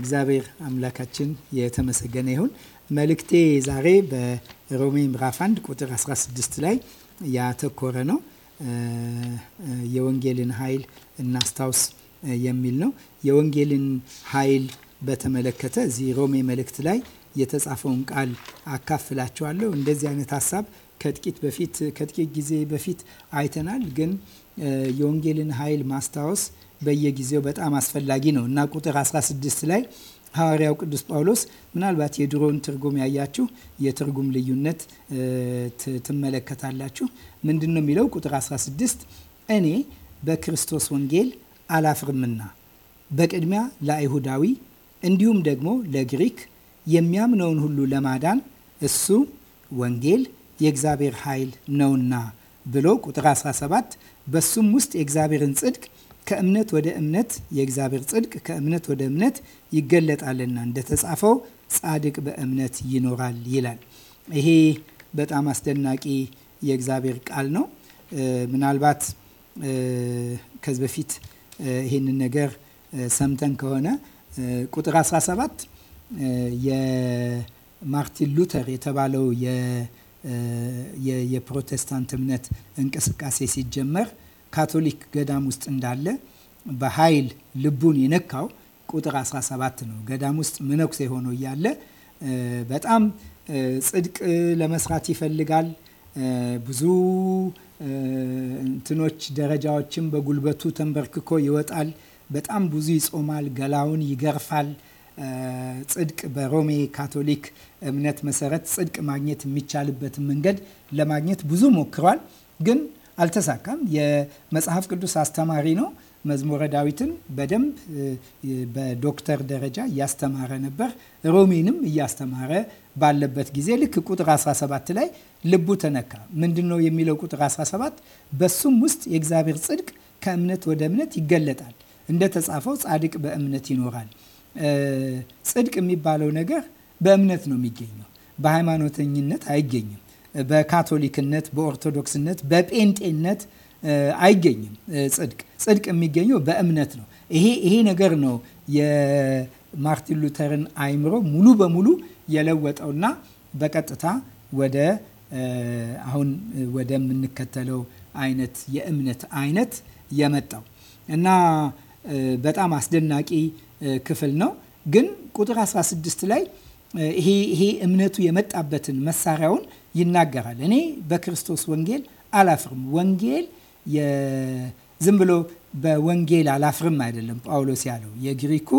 እግዚአብሔር አምላካችን የተመሰገነ ይሁን። መልእክቴ ዛሬ በሮሜ ምዕራፍ 1 ቁጥር 16 ላይ ያተኮረ ነው። የወንጌልን ኃይል እናስታውስ የሚል ነው። የወንጌልን ኃይል በተመለከተ እዚህ ሮሜ መልእክት ላይ የተጻፈውን ቃል አካፍላችኋለሁ። እንደዚህ አይነት ሀሳብ ከጥቂት በፊት ከጥቂት ጊዜ በፊት አይተናል፣ ግን የወንጌልን ኃይል ማስታወስ በየጊዜው በጣም አስፈላጊ ነው እና ቁጥር 16 ላይ ሐዋርያው ቅዱስ ጳውሎስ ምናልባት የድሮውን ትርጉም ያያችሁ የትርጉም ልዩነት ትመለከታላችሁ። ምንድን ነው የሚለው? ቁጥር 16 እኔ በክርስቶስ ወንጌል አላፍርምና በቅድሚያ ለአይሁዳዊ እንዲሁም ደግሞ ለግሪክ የሚያምነውን ሁሉ ለማዳን እሱ ወንጌል የእግዚአብሔር ኃይል ነውና ብሎ ቁጥር 17 በሱም ውስጥ የእግዚአብሔርን ጽድቅ ከእምነት ወደ እምነት የእግዚአብሔር ጽድቅ ከእምነት ወደ እምነት ይገለጣልና እንደተጻፈው ጻድቅ በእምነት ይኖራል ይላል። ይሄ በጣም አስደናቂ የእግዚአብሔር ቃል ነው። ምናልባት ከዚህ በፊት ይህንን ነገር ሰምተን ከሆነ ቁጥር 17 የማርቲን ሉተር የተባለው የፕሮቴስታንት እምነት እንቅስቃሴ ሲጀመር ካቶሊክ ገዳም ውስጥ እንዳለ በኃይል ልቡን የነካው ቁጥር 17 ነው። ገዳም ውስጥ መነኩሴ ሆኖ እያለ በጣም ጽድቅ ለመስራት ይፈልጋል። ብዙ እንትኖች ደረጃዎችን በጉልበቱ ተንበርክኮ ይወጣል። በጣም ብዙ ይጾማል፣ ገላውን ይገርፋል። ጽድቅ በሮሜ ካቶሊክ እምነት መሰረት ጽድቅ ማግኘት የሚቻልበትን መንገድ ለማግኘት ብዙ ሞክሯል። ግን አልተሳካም። የመጽሐፍ ቅዱስ አስተማሪ ነው። መዝሙረ ዳዊትን በደንብ በዶክተር ደረጃ እያስተማረ ነበር። ሮሜንም እያስተማረ ባለበት ጊዜ ልክ ቁጥር 17 ላይ ልቡ ተነካ። ምንድን ነው የሚለው ቁጥር 17 በሱም ውስጥ የእግዚአብሔር ጽድቅ ከእምነት ወደ እምነት ይገለጣል፣ እንደተጻፈው ጻድቅ በእምነት ይኖራል። ጽድቅ የሚባለው ነገር በእምነት ነው የሚገኘው፣ በሃይማኖተኝነት አይገኝም። በካቶሊክነት፣ በኦርቶዶክስነት፣ በጴንጤነት አይገኝም። ጽድቅ ጽድቅ የሚገኘው በእምነት ነው። ይሄ ይሄ ነገር ነው የማርቲን ሉተርን አይምሮ ሙሉ በሙሉ የለወጠውና በቀጥታ ወደ አሁን ወደምንከተለው አይነት የእምነት አይነት የመጣው እና በጣም አስደናቂ ክፍል ነው። ግን ቁጥር 16 ላይ ይሄ እምነቱ የመጣበትን መሳሪያውን ይናገራል። እኔ በክርስቶስ ወንጌል አላፍርም። ወንጌል ዝም ብሎ በወንጌል አላፍርም አይደለም ጳውሎስ ያለው የግሪኩ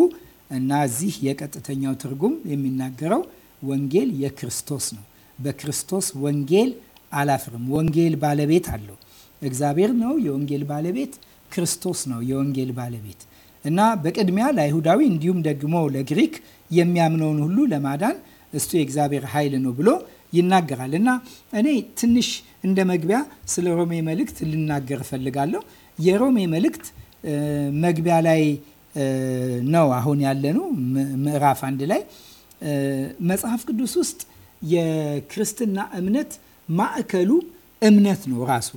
እና እዚህ የቀጥተኛው ትርጉም የሚናገረው ወንጌል የክርስቶስ ነው። በክርስቶስ ወንጌል አላፍርም። ወንጌል ባለቤት አለው። እግዚአብሔር ነው የወንጌል ባለቤት፣ ክርስቶስ ነው የወንጌል ባለቤት እና በቅድሚያ ለአይሁዳዊ እንዲሁም ደግሞ ለግሪክ የሚያምነውን ሁሉ ለማዳን እሱ የእግዚአብሔር ኃይል ነው ብሎ ይናገራል። እና እኔ ትንሽ እንደ መግቢያ ስለ ሮሜ መልእክት ልናገር እፈልጋለሁ። የሮሜ መልእክት መግቢያ ላይ ነው አሁን ያለነው ምዕራፍ አንድ ላይ መጽሐፍ ቅዱስ ውስጥ የክርስትና እምነት ማዕከሉ እምነት ነው። ራሱ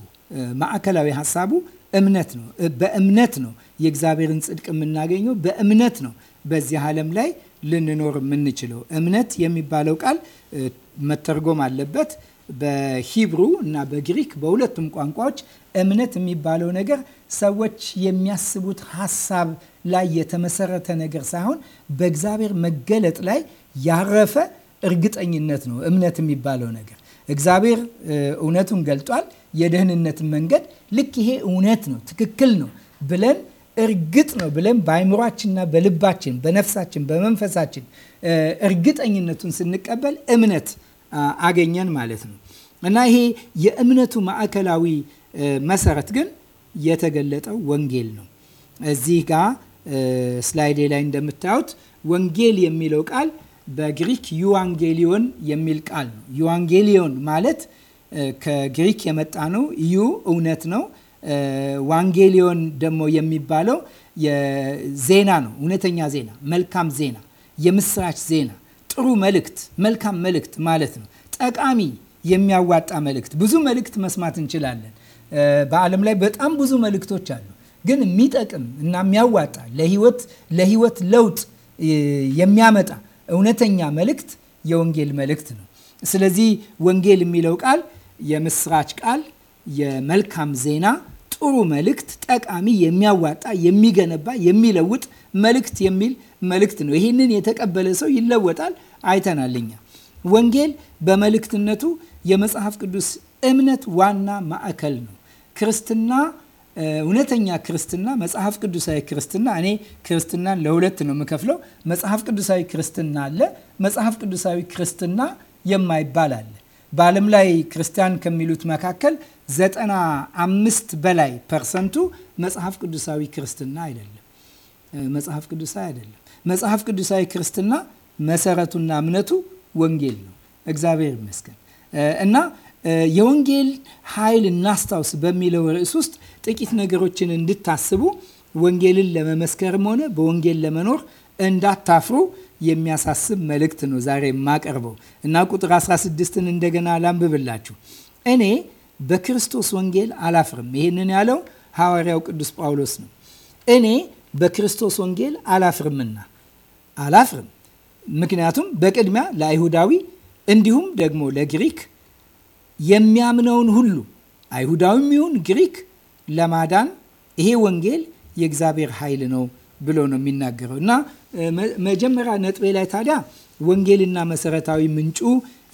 ማዕከላዊ ሀሳቡ እምነት ነው። በእምነት ነው የእግዚአብሔርን ጽድቅ የምናገኘው በእምነት ነው በዚህ ዓለም ላይ ልንኖር የምንችለው። እምነት የሚባለው ቃል መተርጎም አለበት። በሂብሩ እና በግሪክ በሁለቱም ቋንቋዎች እምነት የሚባለው ነገር ሰዎች የሚያስቡት ሀሳብ ላይ የተመሰረተ ነገር ሳይሆን በእግዚአብሔር መገለጥ ላይ ያረፈ እርግጠኝነት ነው። እምነት የሚባለው ነገር እግዚአብሔር እውነቱን ገልጧል፣ የደህንነትን መንገድ ልክ ይሄ እውነት ነው፣ ትክክል ነው ብለን እርግጥ ነው ብለን በአይምሯችንና በልባችን በነፍሳችን በመንፈሳችን እርግጠኝነቱን ስንቀበል እምነት አገኘን ማለት ነው እና ይሄ የእምነቱ ማዕከላዊ መሰረት ግን የተገለጠው ወንጌል ነው። እዚህ ጋ ስላይዴ ላይ እንደምታዩት ወንጌል የሚለው ቃል በግሪክ ዩዋንጌሊዮን የሚል ቃል ነው። ዩዋንጌሊዮን ማለት ከግሪክ የመጣ ነው። ዩ እውነት ነው ዋንጌሊዮን ደግሞ የሚባለው ዜና ነው። እውነተኛ ዜና፣ መልካም ዜና፣ የምስራች ዜና፣ ጥሩ መልእክት፣ መልካም መልእክት ማለት ነው። ጠቃሚ፣ የሚያዋጣ መልእክት። ብዙ መልእክት መስማት እንችላለን። በዓለም ላይ በጣም ብዙ መልእክቶች አሉ። ግን የሚጠቅም እና የሚያዋጣ ለህይወት ለህይወት ለውጥ የሚያመጣ እውነተኛ መልእክት የወንጌል መልእክት ነው። ስለዚህ ወንጌል የሚለው ቃል የምስራች ቃል የመልካም ዜና ጥሩ መልእክት፣ ጠቃሚ፣ የሚያዋጣ፣ የሚገነባ፣ የሚለውጥ መልእክት የሚል መልእክት ነው። ይህንን የተቀበለ ሰው ይለወጣል። አይተናልኛ ወንጌል በመልእክትነቱ የመጽሐፍ ቅዱስ እምነት ዋና ማዕከል ነው። ክርስትና እውነተኛ ክርስትና፣ መጽሐፍ ቅዱሳዊ ክርስትና። እኔ ክርስትናን ለሁለት ነው የምከፍለው። መጽሐፍ ቅዱሳዊ ክርስትና አለ፣ መጽሐፍ ቅዱሳዊ ክርስትና የማይባል አለ። በዓለም ላይ ክርስቲያን ከሚሉት መካከል ዘጠና አምስት በላይ ፐርሰንቱ መጽሐፍ ቅዱሳዊ ክርስትና አይደለም። መጽሐፍ ቅዱሳዊ አይደለም። መጽሐፍ ቅዱሳዊ ክርስትና መሰረቱና እምነቱ ወንጌል ነው። እግዚአብሔር ይመስገን እና የወንጌል ኃይል እናስታውስ በሚለው ርዕስ ውስጥ ጥቂት ነገሮችን እንድታስቡ ወንጌልን ለመመስከርም ሆነ በወንጌል ለመኖር እንዳታፍሩ የሚያሳስብ መልእክት ነው ዛሬ የማቀርበው እና ቁጥር 16ን እንደገና ላንብብላችሁ እኔ በክርስቶስ ወንጌል አላፍርም። ይህንን ያለው ሐዋርያው ቅዱስ ጳውሎስ ነው። እኔ በክርስቶስ ወንጌል አላፍርምና አላፍርም። ምክንያቱም በቅድሚያ ለአይሁዳዊ እንዲሁም ደግሞ ለግሪክ የሚያምነውን ሁሉ አይሁዳዊም ይሁን ግሪክ ለማዳን ይሄ ወንጌል የእግዚአብሔር ኃይል ነው ብሎ ነው የሚናገረው እና መጀመሪያ ነጥቤ ላይ ታዲያ ወንጌልና መሰረታዊ ምንጩ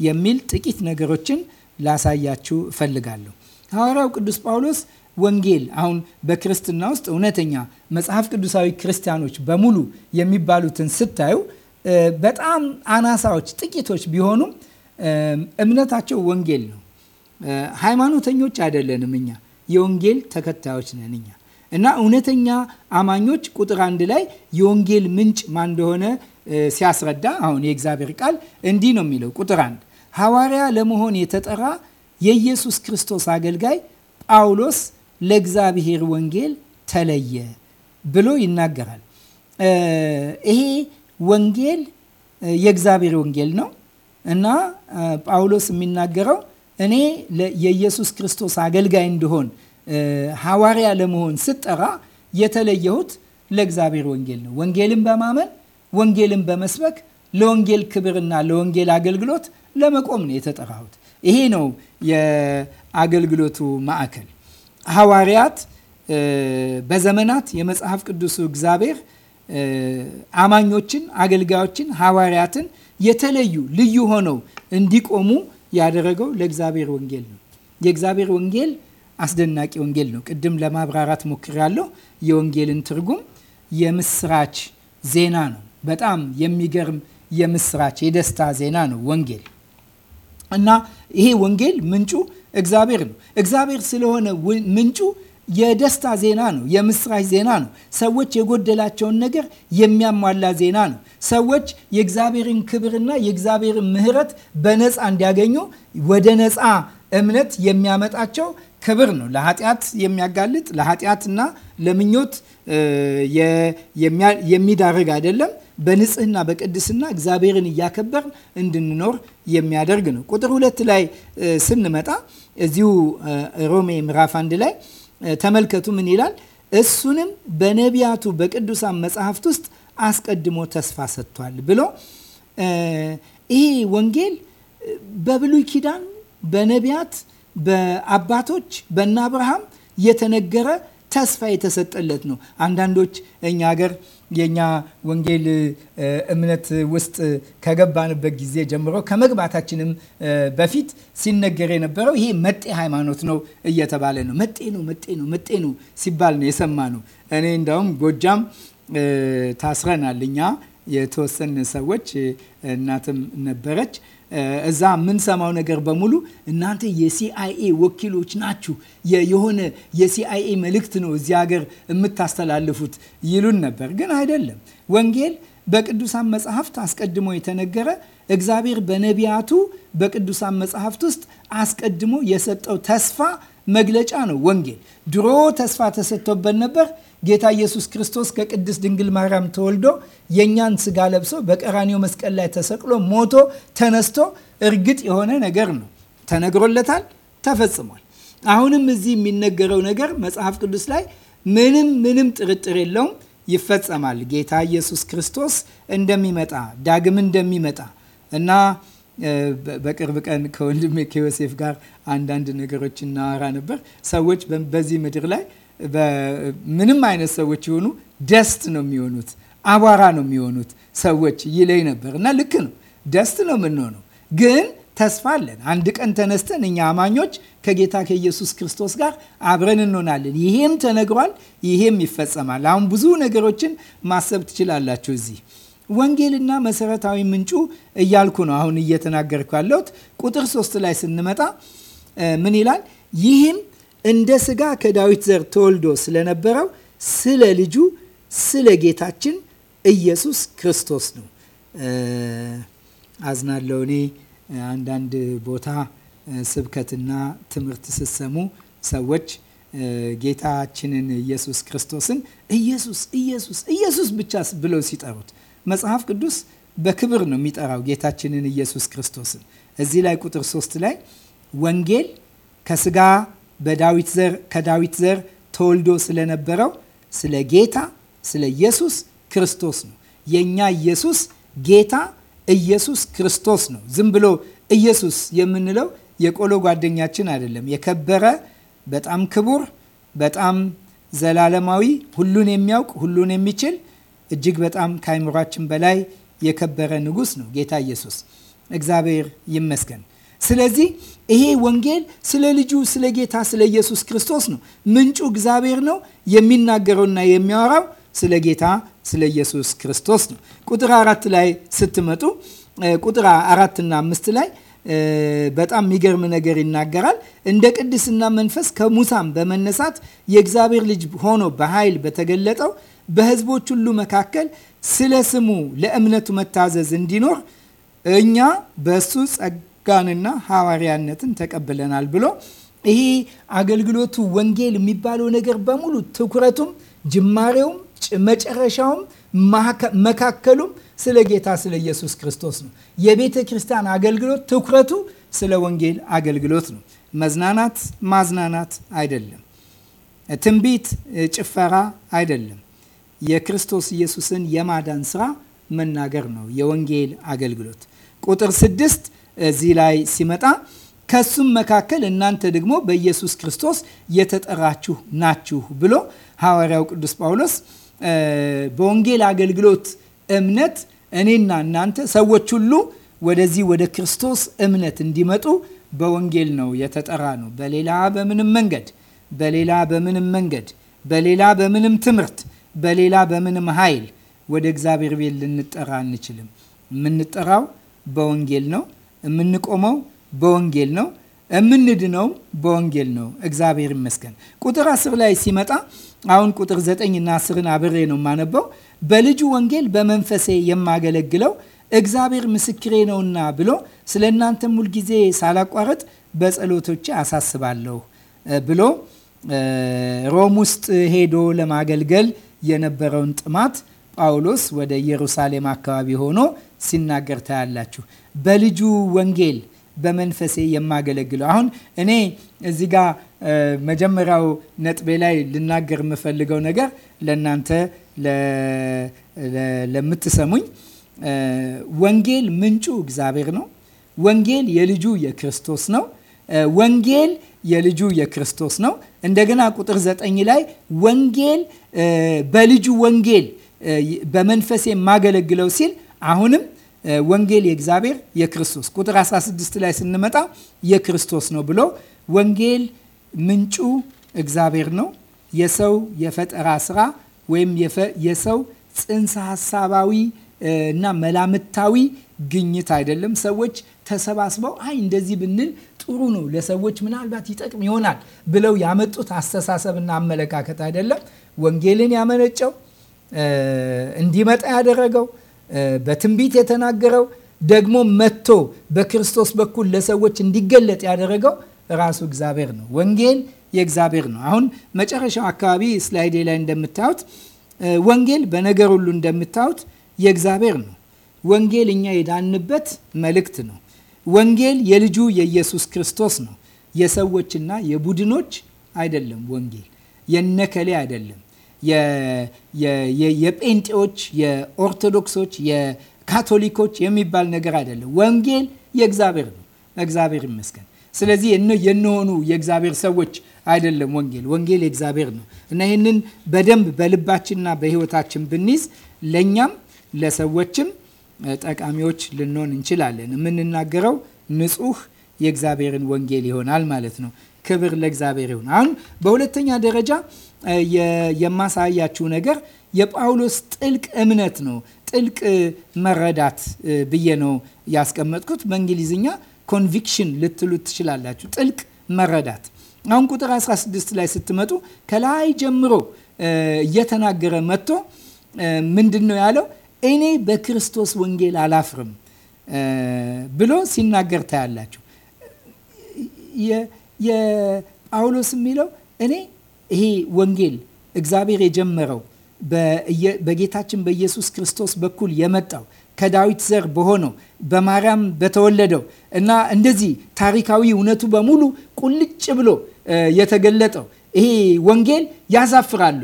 የሚል ጥቂት ነገሮችን ላሳያችሁ እፈልጋለሁ። ሐዋርያው ቅዱስ ጳውሎስ ወንጌል አሁን በክርስትና ውስጥ እውነተኛ መጽሐፍ ቅዱሳዊ ክርስቲያኖች በሙሉ የሚባሉትን ስታዩ በጣም አናሳዎች ጥቂቶች ቢሆኑም እምነታቸው ወንጌል ነው። ሃይማኖተኞች አይደለንም እኛ የወንጌል ተከታዮች ነን እኛ እና እውነተኛ አማኞች ቁጥር አንድ ላይ የወንጌል ምንጭ ማን እንደሆነ ሲያስረዳ አሁን የእግዚአብሔር ቃል እንዲህ ነው የሚለው ቁጥር አንድ ሐዋርያ ለመሆን የተጠራ የኢየሱስ ክርስቶስ አገልጋይ ጳውሎስ ለእግዚአብሔር ወንጌል ተለየ ብሎ ይናገራል። ይሄ ወንጌል የእግዚአብሔር ወንጌል ነው እና ጳውሎስ የሚናገረው እኔ የኢየሱስ ክርስቶስ አገልጋይ እንደሆን ሐዋርያ ለመሆን ስጠራ የተለየሁት ለእግዚአብሔር ወንጌል ነው። ወንጌልን በማመን ወንጌልን በመስበክ ለወንጌል ክብርና ለወንጌል አገልግሎት ለመቆም ነው የተጠራሁት። ይሄ ነው የአገልግሎቱ ማዕከል። ሐዋርያት በዘመናት የመጽሐፍ ቅዱሱ እግዚአብሔር አማኞችን፣ አገልጋዮችን፣ ሐዋርያትን የተለዩ ልዩ ሆነው እንዲቆሙ ያደረገው ለእግዚአብሔር ወንጌል ነው። የእግዚአብሔር ወንጌል አስደናቂ ወንጌል ነው። ቅድም ለማብራራት ሞክሬያለሁ። የወንጌልን ትርጉም የምስራች ዜና ነው። በጣም የሚገርም የምስራች የደስታ ዜና ነው ወንጌል እና ይሄ ወንጌል ምንጩ እግዚአብሔር ነው። እግዚአብሔር ስለሆነ ምንጩ የደስታ ዜና ነው። የምስራች ዜና ነው። ሰዎች የጎደላቸውን ነገር የሚያሟላ ዜና ነው። ሰዎች የእግዚአብሔርን ክብርና የእግዚአብሔርን ምሕረት በነፃ እንዲያገኙ ወደ ነፃ እምነት የሚያመጣቸው ክብር ነው። ለኃጢአት የሚያጋልጥ ለኃጢአትና ለምኞት የሚዳርግ አይደለም። በንጽህና በቅድስና እግዚአብሔርን እያከበር እንድንኖር የሚያደርግ ነው። ቁጥር ሁለት ላይ ስንመጣ እዚሁ ሮሜ ምዕራፍ አንድ ላይ ተመልከቱ ምን ይላል? እሱንም በነቢያቱ በቅዱሳን መጽሐፍት ውስጥ አስቀድሞ ተስፋ ሰጥቷል ብሎ ይሄ ወንጌል በብሉይ ኪዳን በነቢያት በአባቶች በእነ አብርሃም የተነገረ ተስፋ የተሰጠለት ነው። አንዳንዶች እኛ ሀገር የኛ ወንጌል እምነት ውስጥ ከገባንበት ጊዜ ጀምሮ ከመግባታችንም በፊት ሲነገር የነበረው ይሄ መጤ ሃይማኖት ነው እየተባለ ነው። መጤ ነው፣ መጤ ነው፣ መጤ ነው ሲባል ነው የሰማ ነው። እኔ እንዳውም ጎጃም ታስረናል እኛ የተወሰን ሰዎች እናትም ነበረች እዛ የምንሰማው ነገር በሙሉ እናንተ የሲአይኤ ወኪሎች ናችሁ፣ የሆነ የሲአይኤ መልእክት ነው እዚህ ሀገር የምታስተላልፉት ይሉን ነበር። ግን አይደለም። ወንጌል በቅዱሳን መጽሐፍት አስቀድሞ የተነገረ እግዚአብሔር በነቢያቱ በቅዱሳን መጽሐፍት ውስጥ አስቀድሞ የሰጠው ተስፋ መግለጫ ነው። ወንጌል ድሮ ተስፋ ተሰጥቶበት ነበር። ጌታ ኢየሱስ ክርስቶስ ከቅድስት ድንግል ማርያም ተወልዶ የእኛን ስጋ ለብሶ በቀራኒው መስቀል ላይ ተሰቅሎ ሞቶ ተነስቶ እርግጥ የሆነ ነገር ነው። ተነግሮለታል፣ ተፈጽሟል። አሁንም እዚህ የሚነገረው ነገር መጽሐፍ ቅዱስ ላይ ምንም ምንም ጥርጥር የለውም፣ ይፈጸማል። ጌታ ኢየሱስ ክርስቶስ እንደሚመጣ ዳግም እንደሚመጣ እና በቅርብ ቀን ከወንድሜ ከዮሴፍ ጋር አንዳንድ ነገሮች እናወራ ነበር። ሰዎች በዚህ ምድር ላይ ምንም አይነት ሰዎች የሆኑ ደስት ነው የሚሆኑት፣ አቧራ ነው የሚሆኑት ሰዎች ይለኝ ነበር እና ልክ ነው። ደስት ነው የምንሆነው ግን ተስፋ አለን። አንድ ቀን ተነስተን እኛ አማኞች ከጌታ ከኢየሱስ ክርስቶስ ጋር አብረን እንሆናለን። ይሄም ተነግሯል፣ ይሄም ይፈጸማል። አሁን ብዙ ነገሮችን ማሰብ ትችላላችሁ። እዚህ ወንጌልና መሰረታዊ ምንጩ እያልኩ ነው አሁን እየተናገርኩ ያለሁት። ቁጥር ሶስት ላይ ስንመጣ ምን ይላል? ይህም እንደ ስጋ ከዳዊት ዘር ተወልዶ ስለነበረው ስለ ልጁ ስለ ጌታችን ኢየሱስ ክርስቶስ ነው። አዝናለው እኔ አንዳንድ ቦታ ስብከትና ትምህርት ስሰሙ ሰዎች ጌታችንን ኢየሱስ ክርስቶስን ኢየሱስ ኢየሱስ ኢየሱስ ብቻ ብለው ሲጠሩት መጽሐፍ ቅዱስ በክብር ነው የሚጠራው ጌታችንን ኢየሱስ ክርስቶስን። እዚህ ላይ ቁጥር ሶስት ላይ ወንጌል ከስጋ በዳዊት ዘር ከዳዊት ዘር ተወልዶ ስለነበረው ስለ ጌታ ስለ ኢየሱስ ክርስቶስ ነው። የእኛ ኢየሱስ ጌታ ኢየሱስ ክርስቶስ ነው። ዝም ብሎ ኢየሱስ የምንለው የቆሎ ጓደኛችን አይደለም። የከበረ በጣም ክቡር በጣም ዘላለማዊ ሁሉን የሚያውቅ ሁሉን የሚችል እጅግ በጣም ከአይምሯችን በላይ የከበረ ንጉስ ነው ጌታ ኢየሱስ። እግዚአብሔር ይመስገን። ስለዚህ ይሄ ወንጌል ስለ ልጁ ስለ ጌታ ስለ ኢየሱስ ክርስቶስ ነው። ምንጩ እግዚአብሔር ነው። የሚናገረውና የሚያወራው ስለ ጌታ ስለ ኢየሱስ ክርስቶስ ነው። ቁጥር አራት ላይ ስትመጡ ቁጥር አራትና አምስት ላይ በጣም የሚገርም ነገር ይናገራል። እንደ ቅድስና መንፈስ ከሙሳም በመነሳት የእግዚአብሔር ልጅ ሆኖ በኃይል በተገለጠው በሕዝቦች ሁሉ መካከል ስለ ስሙ ለእምነቱ መታዘዝ እንዲኖር እኛ በእሱ ጋንና ሐዋርያነትን ተቀብለናል ብሎ ይሄ አገልግሎቱ ወንጌል የሚባለው ነገር በሙሉ ትኩረቱም ጅማሬውም መጨረሻውም መካከሉም ስለ ጌታ ስለ ኢየሱስ ክርስቶስ ነው። የቤተ ክርስቲያን አገልግሎት ትኩረቱ ስለ ወንጌል አገልግሎት ነው። መዝናናት ማዝናናት አይደለም። ትንቢት ጭፈራ አይደለም። የክርስቶስ ኢየሱስን የማዳን ስራ መናገር ነው የወንጌል አገልግሎት። ቁጥር ስድስት እዚህ ላይ ሲመጣ ከሱም መካከል እናንተ ደግሞ በኢየሱስ ክርስቶስ የተጠራችሁ ናችሁ ብሎ ሐዋርያው ቅዱስ ጳውሎስ በወንጌል አገልግሎት እምነት እኔና እናንተ ሰዎች ሁሉ ወደዚህ ወደ ክርስቶስ እምነት እንዲመጡ በወንጌል ነው የተጠራ ነው። በሌላ በምንም መንገድ በሌላ በምንም መንገድ በሌላ በምንም ትምህርት በሌላ በምንም ኃይል ወደ እግዚአብሔር ቤት ልንጠራ አንችልም። የምንጠራው በወንጌል ነው። የምንቆመው በወንጌል ነው። የምንድነው በወንጌል ነው። እግዚአብሔር ይመስገን። ቁጥር አስር ላይ ሲመጣ አሁን ቁጥር ዘጠኝ እና አስርን አብሬ ነው የማነበው። በልጁ ወንጌል በመንፈሴ የማገለግለው እግዚአብሔር ምስክሬ ነውና ብሎ ስለ እናንተም ሁልጊዜ ሳላቋረጥ በጸሎቶቼ አሳስባለሁ ብሎ ሮም ውስጥ ሄዶ ለማገልገል የነበረውን ጥማት ጳውሎስ ወደ ኢየሩሳሌም አካባቢ ሆኖ ሲናገር ታያላችሁ። በልጁ ወንጌል በመንፈሴ የማገለግለው አሁን እኔ እዚህ ጋ መጀመሪያው ነጥቤ ላይ ልናገር የምፈልገው ነገር ለእናንተ ለምትሰሙኝ ወንጌል ምንጩ እግዚአብሔር ነው። ወንጌል የልጁ የክርስቶስ ነው። ወንጌል የልጁ የክርስቶስ ነው። እንደገና ቁጥር ዘጠኝ ላይ ወንጌል በልጁ ወንጌል በመንፈሴ የማገለግለው ሲል አሁንም ወንጌል የእግዚአብሔር የክርስቶስ ቁጥር 16 ላይ ስንመጣ የክርስቶስ ነው ብሎ ወንጌል ምንጩ እግዚአብሔር ነው። የሰው የፈጠራ ስራ ወይም የሰው ጽንሰ ሀሳባዊ እና መላምታዊ ግኝት አይደለም። ሰዎች ተሰባስበው አይ እንደዚህ ብንል ጥሩ ነው ለሰዎች ምናልባት ይጠቅም ይሆናል ብለው ያመጡት አስተሳሰብና አመለካከት አይደለም። ወንጌልን ያመነጨው እንዲመጣ ያደረገው በትንቢት የተናገረው ደግሞ መጥቶ በክርስቶስ በኩል ለሰዎች እንዲገለጥ ያደረገው ራሱ እግዚአብሔር ነው። ወንጌል የእግዚአብሔር ነው። አሁን መጨረሻው አካባቢ ስላይዴ ላይ እንደምታዩት ወንጌል በነገር ሁሉ እንደምታዩት የእግዚአብሔር ነው። ወንጌል እኛ የዳንበት መልእክት ነው። ወንጌል የልጁ የኢየሱስ ክርስቶስ ነው። የሰዎችና የቡድኖች አይደለም። ወንጌል የነከሌ አይደለም። የጴንጤዎች፣ የኦርቶዶክሶች፣ የካቶሊኮች የሚባል ነገር አይደለም። ወንጌል የእግዚአብሔር ነው። እግዚአብሔር ይመስገን። ስለዚህ የነሆኑ የእግዚአብሔር ሰዎች አይደለም ወንጌል። ወንጌል የእግዚአብሔር ነው እና ይህንን በደንብ በልባችንና በሕይወታችን ብንይዝ ለእኛም ለሰዎችም ጠቃሚዎች ልንሆን እንችላለን። የምንናገረው ንጹህ የእግዚአብሔርን ወንጌል ይሆናል ማለት ነው። ክብር ለእግዚአብሔር ይሁን። አሁን በሁለተኛ ደረጃ የማሳያችሁ ነገር የጳውሎስ ጥልቅ እምነት ነው። ጥልቅ መረዳት ብዬ ነው ያስቀመጥኩት። በእንግሊዝኛ ኮንቪክሽን ልትሉ ትችላላችሁ። ጥልቅ መረዳት። አሁን ቁጥር 16 ላይ ስትመጡ ከላይ ጀምሮ እየተናገረ መጥቶ ምንድን ነው ያለው? እኔ በክርስቶስ ወንጌል አላፍርም ብሎ ሲናገር ታያላችሁ። ጳውሎስ የሚለው እኔ ይሄ ወንጌል እግዚአብሔር የጀመረው በጌታችን በኢየሱስ ክርስቶስ በኩል የመጣው ከዳዊት ዘር በሆነው በማርያም በተወለደው እና እንደዚህ ታሪካዊ እውነቱ በሙሉ ቁልጭ ብሎ የተገለጠው ይሄ ወንጌል ያሳፍራሉ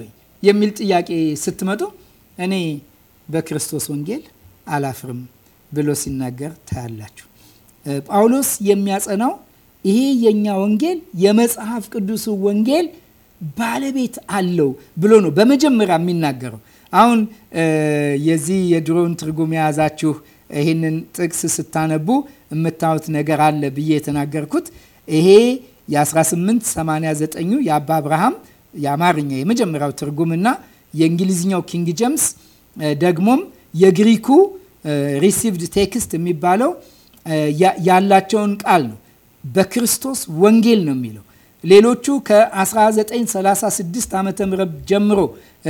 የሚል ጥያቄ ስትመጡ እኔ በክርስቶስ ወንጌል አላፍርም ብሎ ሲናገር ታያላችሁ። ጳውሎስ የሚያጸናው ይሄ የእኛ ወንጌል የመጽሐፍ ቅዱሱ ወንጌል ባለቤት አለው ብሎ ነው በመጀመሪያ የሚናገረው። አሁን የዚህ የድሮውን ትርጉም የያዛችሁ ይህንን ጥቅስ ስታነቡ የምታዩት ነገር አለ ብዬ የተናገርኩት ይሄ የ1889ኙ የአባ አብርሃም የአማርኛ የመጀመሪያው ትርጉምና የእንግሊዝኛው ኪንግ ጀምስ ደግሞም የግሪኩ ሪሲቭድ ቴክስት የሚባለው ያላቸውን ቃል ነው። በክርስቶስ ወንጌል ነው የሚለው ሌሎቹ ከ1936 ዓ ም ጀምሮ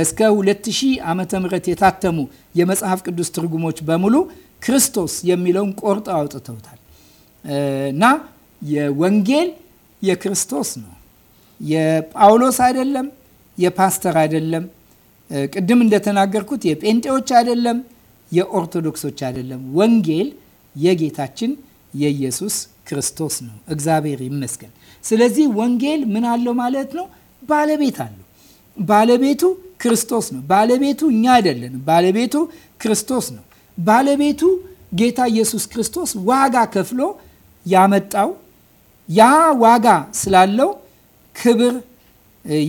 እስከ 2000 ዓ ም የታተሙ የመጽሐፍ ቅዱስ ትርጉሞች በሙሉ ክርስቶስ የሚለውን ቆርጠው አውጥተውታል እና የወንጌል የክርስቶስ ነው። የጳውሎስ አይደለም፣ የፓስተር አይደለም፣ ቅድም እንደተናገርኩት የጴንጤዎች አይደለም፣ የኦርቶዶክሶች አይደለም። ወንጌል የጌታችን የኢየሱስ ክርስቶስ ነው። እግዚአብሔር ይመስገን። ስለዚህ ወንጌል ምን አለው ማለት ነው? ባለቤት አለው። ባለቤቱ ክርስቶስ ነው። ባለቤቱ እኛ አይደለንም። ባለቤቱ ክርስቶስ ነው። ባለቤቱ ጌታ ኢየሱስ ክርስቶስ ዋጋ ከፍሎ ያመጣው ያ ዋጋ ስላለው ክብር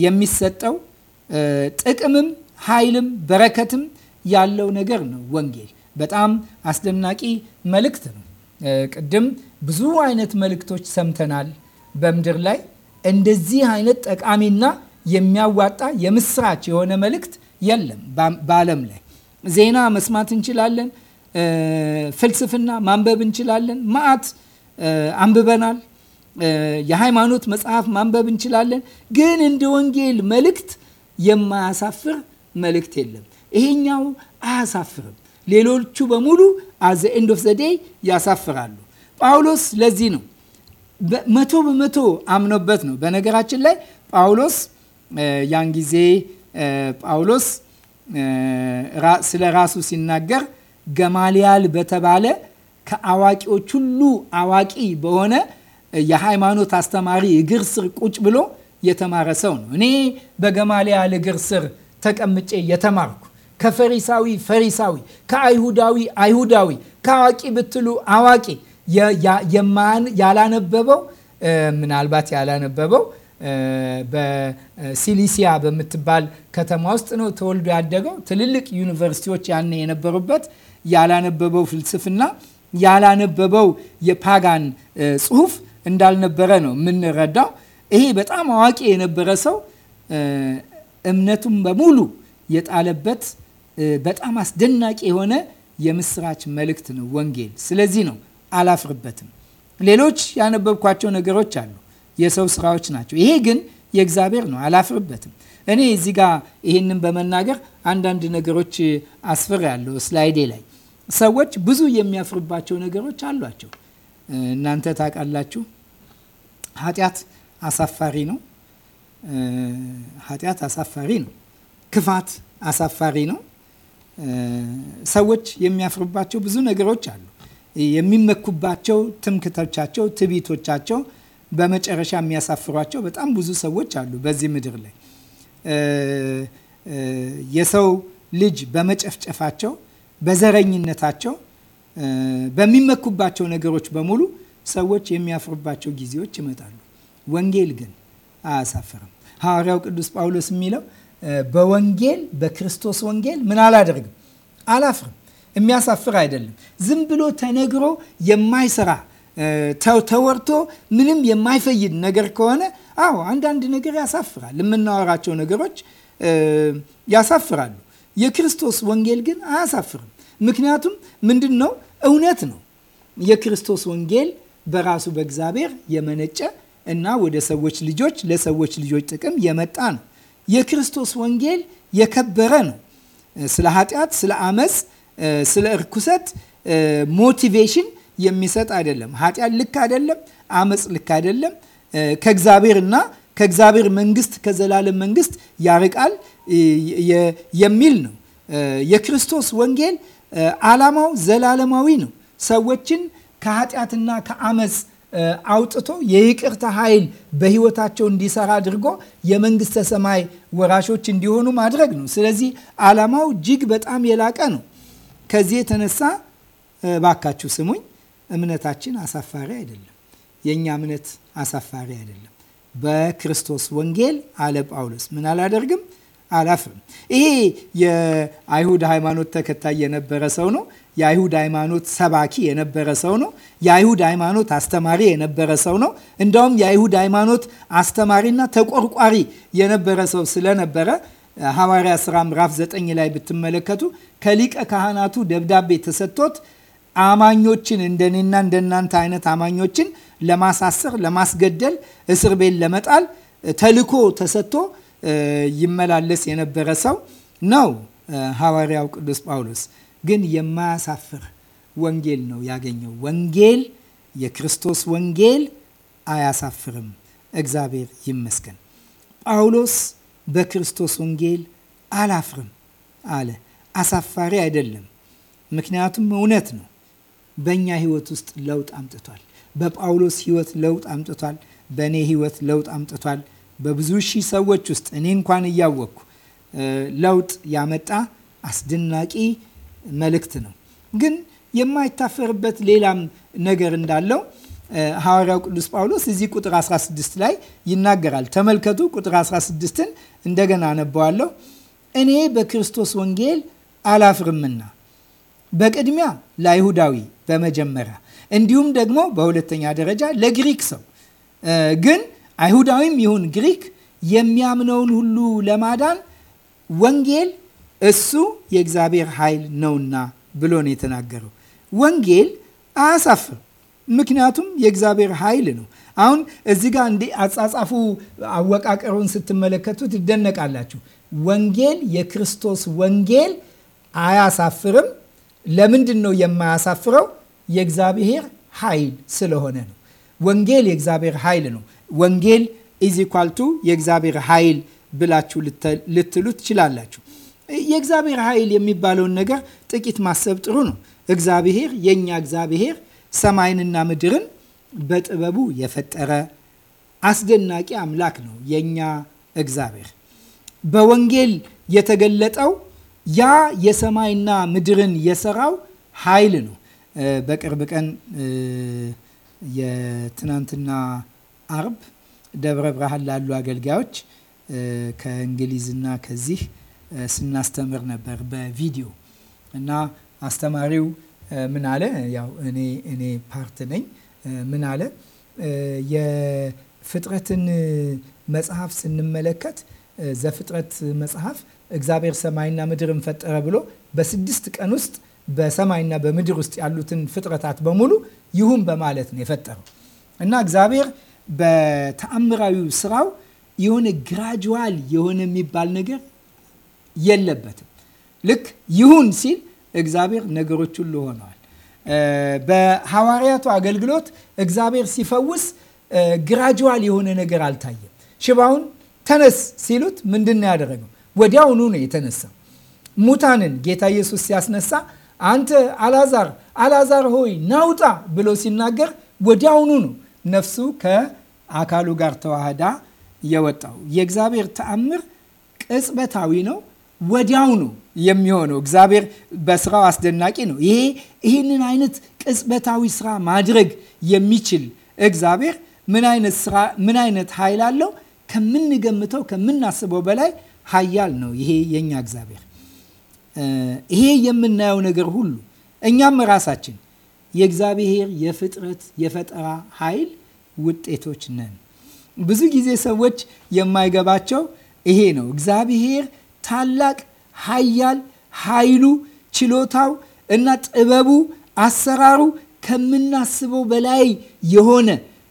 የሚሰጠው ጥቅምም፣ ኃይልም፣ በረከትም ያለው ነገር ነው። ወንጌል በጣም አስደናቂ መልእክት ነው። ቅድም ብዙ አይነት መልእክቶች ሰምተናል በምድር ላይ እንደዚህ አይነት ጠቃሚና የሚያዋጣ የምስራች የሆነ መልእክት የለም በዓለም ላይ ዜና መስማት እንችላለን ፍልስፍና ማንበብ እንችላለን ማአት አንብበናል የሃይማኖት መጽሐፍ ማንበብ እንችላለን ግን እንደ ወንጌል መልእክት የማያሳፍር መልእክት የለም ይሄኛው አያሳፍርም ሌሎቹ በሙሉ አዘ ኤንድ ኦፍ ዘዴይ ያሳፍራሉ። ጳውሎስ ለዚህ ነው መቶ በመቶ አምኖበት ነው። በነገራችን ላይ ጳውሎስ ያን ጊዜ ጳውሎስ ስለ ራሱ ሲናገር ገማሊያል በተባለ ከአዋቂዎች ሁሉ አዋቂ በሆነ የሃይማኖት አስተማሪ እግር ስር ቁጭ ብሎ የተማረ ሰው ነው። እኔ በገማሊያል እግር ስር ተቀምጬ የተማርኩ ከፈሪሳዊ ፈሪሳዊ፣ ከአይሁዳዊ አይሁዳዊ፣ ከአዋቂ ብትሉ አዋቂ ያላነበበው ምናልባት ያላነበበው በሲሊሲያ በምትባል ከተማ ውስጥ ነው ተወልዶ ያደገው። ትልልቅ ዩኒቨርሲቲዎች ያኔ የነበሩበት ያላነበበው ፍልስፍና ያላነበበው የፓጋን ጽሁፍ እንዳልነበረ ነው የምንረዳው። ይሄ በጣም አዋቂ የነበረ ሰው እምነቱን በሙሉ የጣለበት በጣም አስደናቂ የሆነ የምስራች መልእክት ነው ወንጌል። ስለዚህ ነው አላፍርበትም። ሌሎች ያነበብኳቸው ነገሮች አሉ፣ የሰው ስራዎች ናቸው። ይሄ ግን የእግዚአብሔር ነው፣ አላፍርበትም። እኔ እዚህ ጋ ይህንን በመናገር አንዳንድ ነገሮች አስፍር ያለው ስላይዴ ላይ ሰዎች ብዙ የሚያፍርባቸው ነገሮች አሏቸው። እናንተ ታውቃላችሁ፣ ኃጢአት አሳፋሪ ነው። ኃጢአት አሳፋሪ ነው። ክፋት አሳፋሪ ነው። ሰዎች የሚያፍሩባቸው ብዙ ነገሮች አሉ። የሚመኩባቸው ትምክቶቻቸው፣ ትቢቶቻቸው በመጨረሻ የሚያሳፍሯቸው በጣም ብዙ ሰዎች አሉ በዚህ ምድር ላይ የሰው ልጅ በመጨፍጨፋቸው፣ በዘረኝነታቸው፣ በሚመኩባቸው ነገሮች በሙሉ ሰዎች የሚያፍሩባቸው ጊዜዎች ይመጣሉ። ወንጌል ግን አያሳፍርም። ሐዋርያው ቅዱስ ጳውሎስ የሚለው በወንጌል በክርስቶስ ወንጌል ምን አላደርግም አላፍርም። የሚያሳፍር አይደለም። ዝም ብሎ ተነግሮ የማይሰራ ተወርቶ ምንም የማይፈይድ ነገር ከሆነ አዎ አንዳንድ ነገር ያሳፍራል። የምናወራቸው ነገሮች ያሳፍራሉ። የክርስቶስ ወንጌል ግን አያሳፍርም። ምክንያቱም ምንድን ነው? እውነት ነው። የክርስቶስ ወንጌል በራሱ በእግዚአብሔር የመነጨ እና ወደ ሰዎች ልጆች ለሰዎች ልጆች ጥቅም የመጣ ነው። የክርስቶስ ወንጌል የከበረ ነው። ስለ ኃጢአት፣ ስለ አመፅ፣ ስለ እርኩሰት ሞቲቬሽን የሚሰጥ አይደለም። ኃጢአት ልክ አይደለም። አመፅ ልክ አይደለም። ከእግዚአብሔር እና ከእግዚአብሔር መንግስት ከዘላለም መንግስት ያርቃል የሚል ነው። የክርስቶስ ወንጌል አላማው ዘላለማዊ ነው። ሰዎችን ከኃጢአትና ከአመፅ አውጥቶ የይቅርታ ኃይል በህይወታቸው እንዲሰራ አድርጎ የመንግስተ ሰማይ ወራሾች እንዲሆኑ ማድረግ ነው። ስለዚህ ዓላማው እጅግ በጣም የላቀ ነው። ከዚህ የተነሳ ባካችሁ ስሙኝ፣ እምነታችን አሳፋሪ አይደለም። የእኛ እምነት አሳፋሪ አይደለም። በክርስቶስ ወንጌል አለ ጳውሎስ፣ ምን አላደርግም አላፍርም። ይሄ የአይሁድ ሃይማኖት ተከታይ የነበረ ሰው ነው። የአይሁድ ሃይማኖት ሰባኪ የነበረ ሰው ነው። የአይሁድ ሃይማኖት አስተማሪ የነበረ ሰው ነው። እንደውም የአይሁድ ሃይማኖት አስተማሪና ተቆርቋሪ የነበረ ሰው ስለነበረ ሐዋርያ ሥራ ምዕራፍ 9 ላይ ብትመለከቱ ከሊቀ ካህናቱ ደብዳቤ ተሰጥቶት አማኞችን እንደኔና እንደናንተ አይነት አማኞችን ለማሳሰር፣ ለማስገደል፣ እስር ቤት ለመጣል ተልኮ ተሰጥቶ ይመላለስ የነበረ ሰው ነው ሐዋርያው ቅዱስ ጳውሎስ። ግን የማያሳፍር ወንጌል ነው ያገኘው። ወንጌል የክርስቶስ ወንጌል አያሳፍርም። እግዚአብሔር ይመስገን። ጳውሎስ በክርስቶስ ወንጌል አላፍርም አለ። አሳፋሪ አይደለም፣ ምክንያቱም እውነት ነው። በእኛ ህይወት ውስጥ ለውጥ አምጥቷል። በጳውሎስ ህይወት ለውጥ አምጥቷል። በእኔ ህይወት ለውጥ አምጥቷል። በብዙ ሺህ ሰዎች ውስጥ እኔ እንኳን እያወቅኩ ለውጥ ያመጣ አስደናቂ መልእክት ነው። ግን የማይታፈርበት ሌላም ነገር እንዳለው ሐዋርያው ቅዱስ ጳውሎስ እዚህ ቁጥር 16 ላይ ይናገራል። ተመልከቱ፣ ቁጥር 16ን እንደገና አነበዋለሁ። እኔ በክርስቶስ ወንጌል አላፍርምና በቅድሚያ ለአይሁዳዊ በመጀመሪያ እንዲሁም ደግሞ በሁለተኛ ደረጃ ለግሪክ ሰው ግን አይሁዳዊም ይሁን ግሪክ የሚያምነውን ሁሉ ለማዳን ወንጌል እሱ የእግዚአብሔር ኃይል ነውና ብሎ ነው የተናገረው። ወንጌል አያሳፍርም፣ ምክንያቱም የእግዚአብሔር ኃይል ነው። አሁን እዚህ ጋር እንዲህ አጻጻፉ አወቃቀሩን ስትመለከቱ ትደነቃላችሁ ወንጌል የክርስቶስ ወንጌል አያሳፍርም። ለምንድን ነው የማያሳፍረው? የእግዚአብሔር ኃይል ስለሆነ ነው። ወንጌል የእግዚአብሔር ኃይል ነው። ወንጌል ኢዚኳልቱ የእግዚአብሔር ኃይል ብላችሁ ልትሉ ትችላላችሁ። የእግዚአብሔር ኃይል የሚባለውን ነገር ጥቂት ማሰብ ጥሩ ነው። እግዚአብሔር የእኛ እግዚአብሔር ሰማይንና ምድርን በጥበቡ የፈጠረ አስደናቂ አምላክ ነው። የእኛ እግዚአብሔር በወንጌል የተገለጠው ያ የሰማይና ምድርን የሰራው ኃይል ነው። በቅርብ ቀን የትናንትና አርብ ደብረ ብርሃን ላሉ አገልጋዮች ከእንግሊዝና ከዚህ ስናስተምር ነበር በቪዲዮ እና አስተማሪው ምን አለ? ያው እኔ እኔ ፓርት ነኝ። ምን አለ? የፍጥረትን መጽሐፍ ስንመለከት ዘፍጥረት መጽሐፍ እግዚአብሔር ሰማይና ምድርን ፈጠረ ብሎ በስድስት ቀን ውስጥ በሰማይና በምድር ውስጥ ያሉትን ፍጥረታት በሙሉ ይሁን በማለት ነው የፈጠረው እና እግዚአብሔር በተአምራዊው ስራው የሆነ ግራጅዋል የሆነ የሚባል ነገር የለበትም። ልክ ይሁን ሲል እግዚአብሔር ነገሮች ሁሉ ሆነዋል። በሐዋርያቱ አገልግሎት እግዚአብሔር ሲፈውስ ግራጅዋል የሆነ ነገር አልታየም። ሽባውን ተነስ ሲሉት ምንድን ነው ያደረገው? ወዲያውኑ ነው የተነሳው። ሙታንን ጌታ ኢየሱስ ሲያስነሳ አንተ አላዛር አላዛር ሆይ ናውጣ ብሎ ሲናገር ወዲያውኑ ነው ነፍሱ ከአካሉ ጋር ተዋህዳ የወጣው። የእግዚአብሔር ተአምር ቅጽበታዊ ነው። ወዲያው ነው የሚሆነው። እግዚአብሔር በስራው አስደናቂ ነው። ይሄ ይህንን አይነት ቅጽበታዊ ስራ ማድረግ የሚችል እግዚአብሔር ምን አይነት ስራ ምን አይነት ኃይል አለው? ከምንገምተው ከምናስበው በላይ ኃያል ነው ይሄ የእኛ እግዚአብሔር። ይሄ የምናየው ነገር ሁሉ እኛም ራሳችን የእግዚአብሔር የፍጥረት የፈጠራ ኃይል ውጤቶች ነን። ብዙ ጊዜ ሰዎች የማይገባቸው ይሄ ነው። እግዚአብሔር ታላቅ ኃያል ኃይሉ፣ ችሎታው እና ጥበቡ አሰራሩ ከምናስበው በላይ የሆነ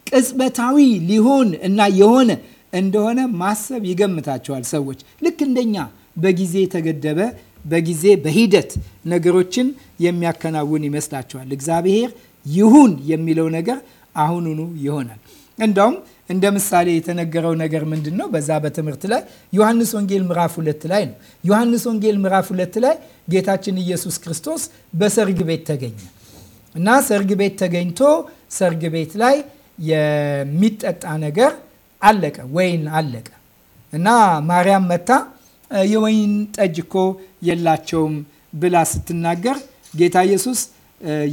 ቅጽበታዊ ሊሆን እና የሆነ እንደሆነ ማሰብ ይገምታቸዋል ሰዎች ልክ እንደኛ በጊዜ የተገደበ በጊዜ በሂደት ነገሮችን የሚያከናውን ይመስላቸዋል። እግዚአብሔር ይሁን የሚለው ነገር አሁኑኑ ይሆናል። እንዳውም እንደ ምሳሌ የተነገረው ነገር ምንድን ነው? በዛ በትምህርት ላይ ዮሐንስ ወንጌል ምዕራፍ ሁለት ላይ ነው። ዮሐንስ ወንጌል ምዕራፍ ሁለት ላይ ጌታችን ኢየሱስ ክርስቶስ በሰርግ ቤት ተገኘ እና ሰርግ ቤት ተገኝቶ ሰርግ ቤት ላይ የሚጠጣ ነገር አለቀ፣ ወይን አለቀ እና ማርያም መታ የወይን ጠጅ እኮ የላቸውም ብላ ስትናገር ጌታ ኢየሱስ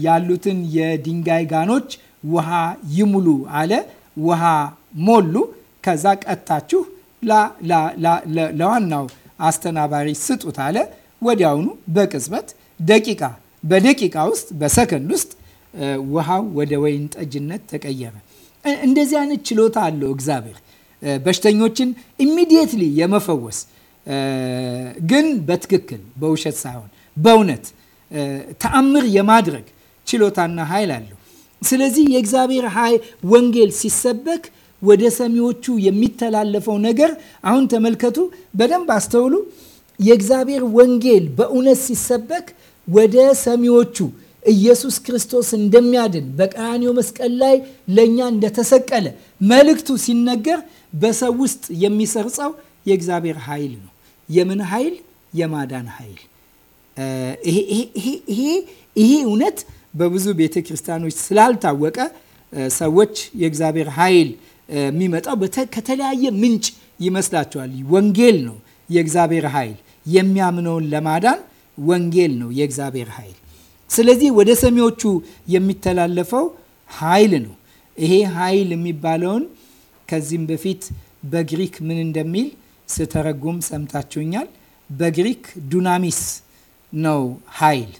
ያሉትን የድንጋይ ጋኖች ውሃ ይሙሉ አለ። ውሃ ሞሉ። ከዛ ቀጥታችሁ ለዋናው አስተናባሪ ስጡት አለ። ወዲያውኑ በቅጽበት ደቂቃ በደቂቃ ውስጥ በሰከንድ ውስጥ ውሃው ወደ ወይን ጠጅነት ተቀየረ። እንደዚህ አይነት ችሎታ አለው እግዚአብሔር በሽተኞችን ኢሚዲየትሊ የመፈወስ ግን በትክክል በውሸት ሳይሆን በእውነት ተአምር የማድረግ ችሎታና ኃይል አለው። ስለዚህ የእግዚአብሔር ኃይ ወንጌል ሲሰበክ ወደ ሰሚዎቹ የሚተላለፈው ነገር አሁን ተመልከቱ፣ በደንብ አስተውሉ። የእግዚአብሔር ወንጌል በእውነት ሲሰበክ ወደ ሰሚዎቹ ኢየሱስ ክርስቶስ እንደሚያድን በቀራንዮ መስቀል ላይ ለእኛ እንደተሰቀለ መልእክቱ ሲነገር በሰው ውስጥ የሚሰርጸው የእግዚአብሔር ኃይል ነው። የምን ኃይል? የማዳን ኃይል። ይሄ እውነት በብዙ ቤተ ክርስቲያኖች ስላልታወቀ ሰዎች የእግዚአብሔር ኃይል የሚመጣው ከተለያየ ምንጭ ይመስላችኋል? ወንጌል ነው የእግዚአብሔር ኃይል። የሚያምነውን ለማዳን ወንጌል ነው የእግዚአብሔር ኃይል። ስለዚህ ወደ ሰሚዎቹ የሚተላለፈው ኃይል ነው። ይሄ ኃይል የሚባለውን ከዚህም በፊት በግሪክ ምን እንደሚል ስተረጉም ሰምታችሁኛል። በግሪክ ዱናሚስ ነው ኃይል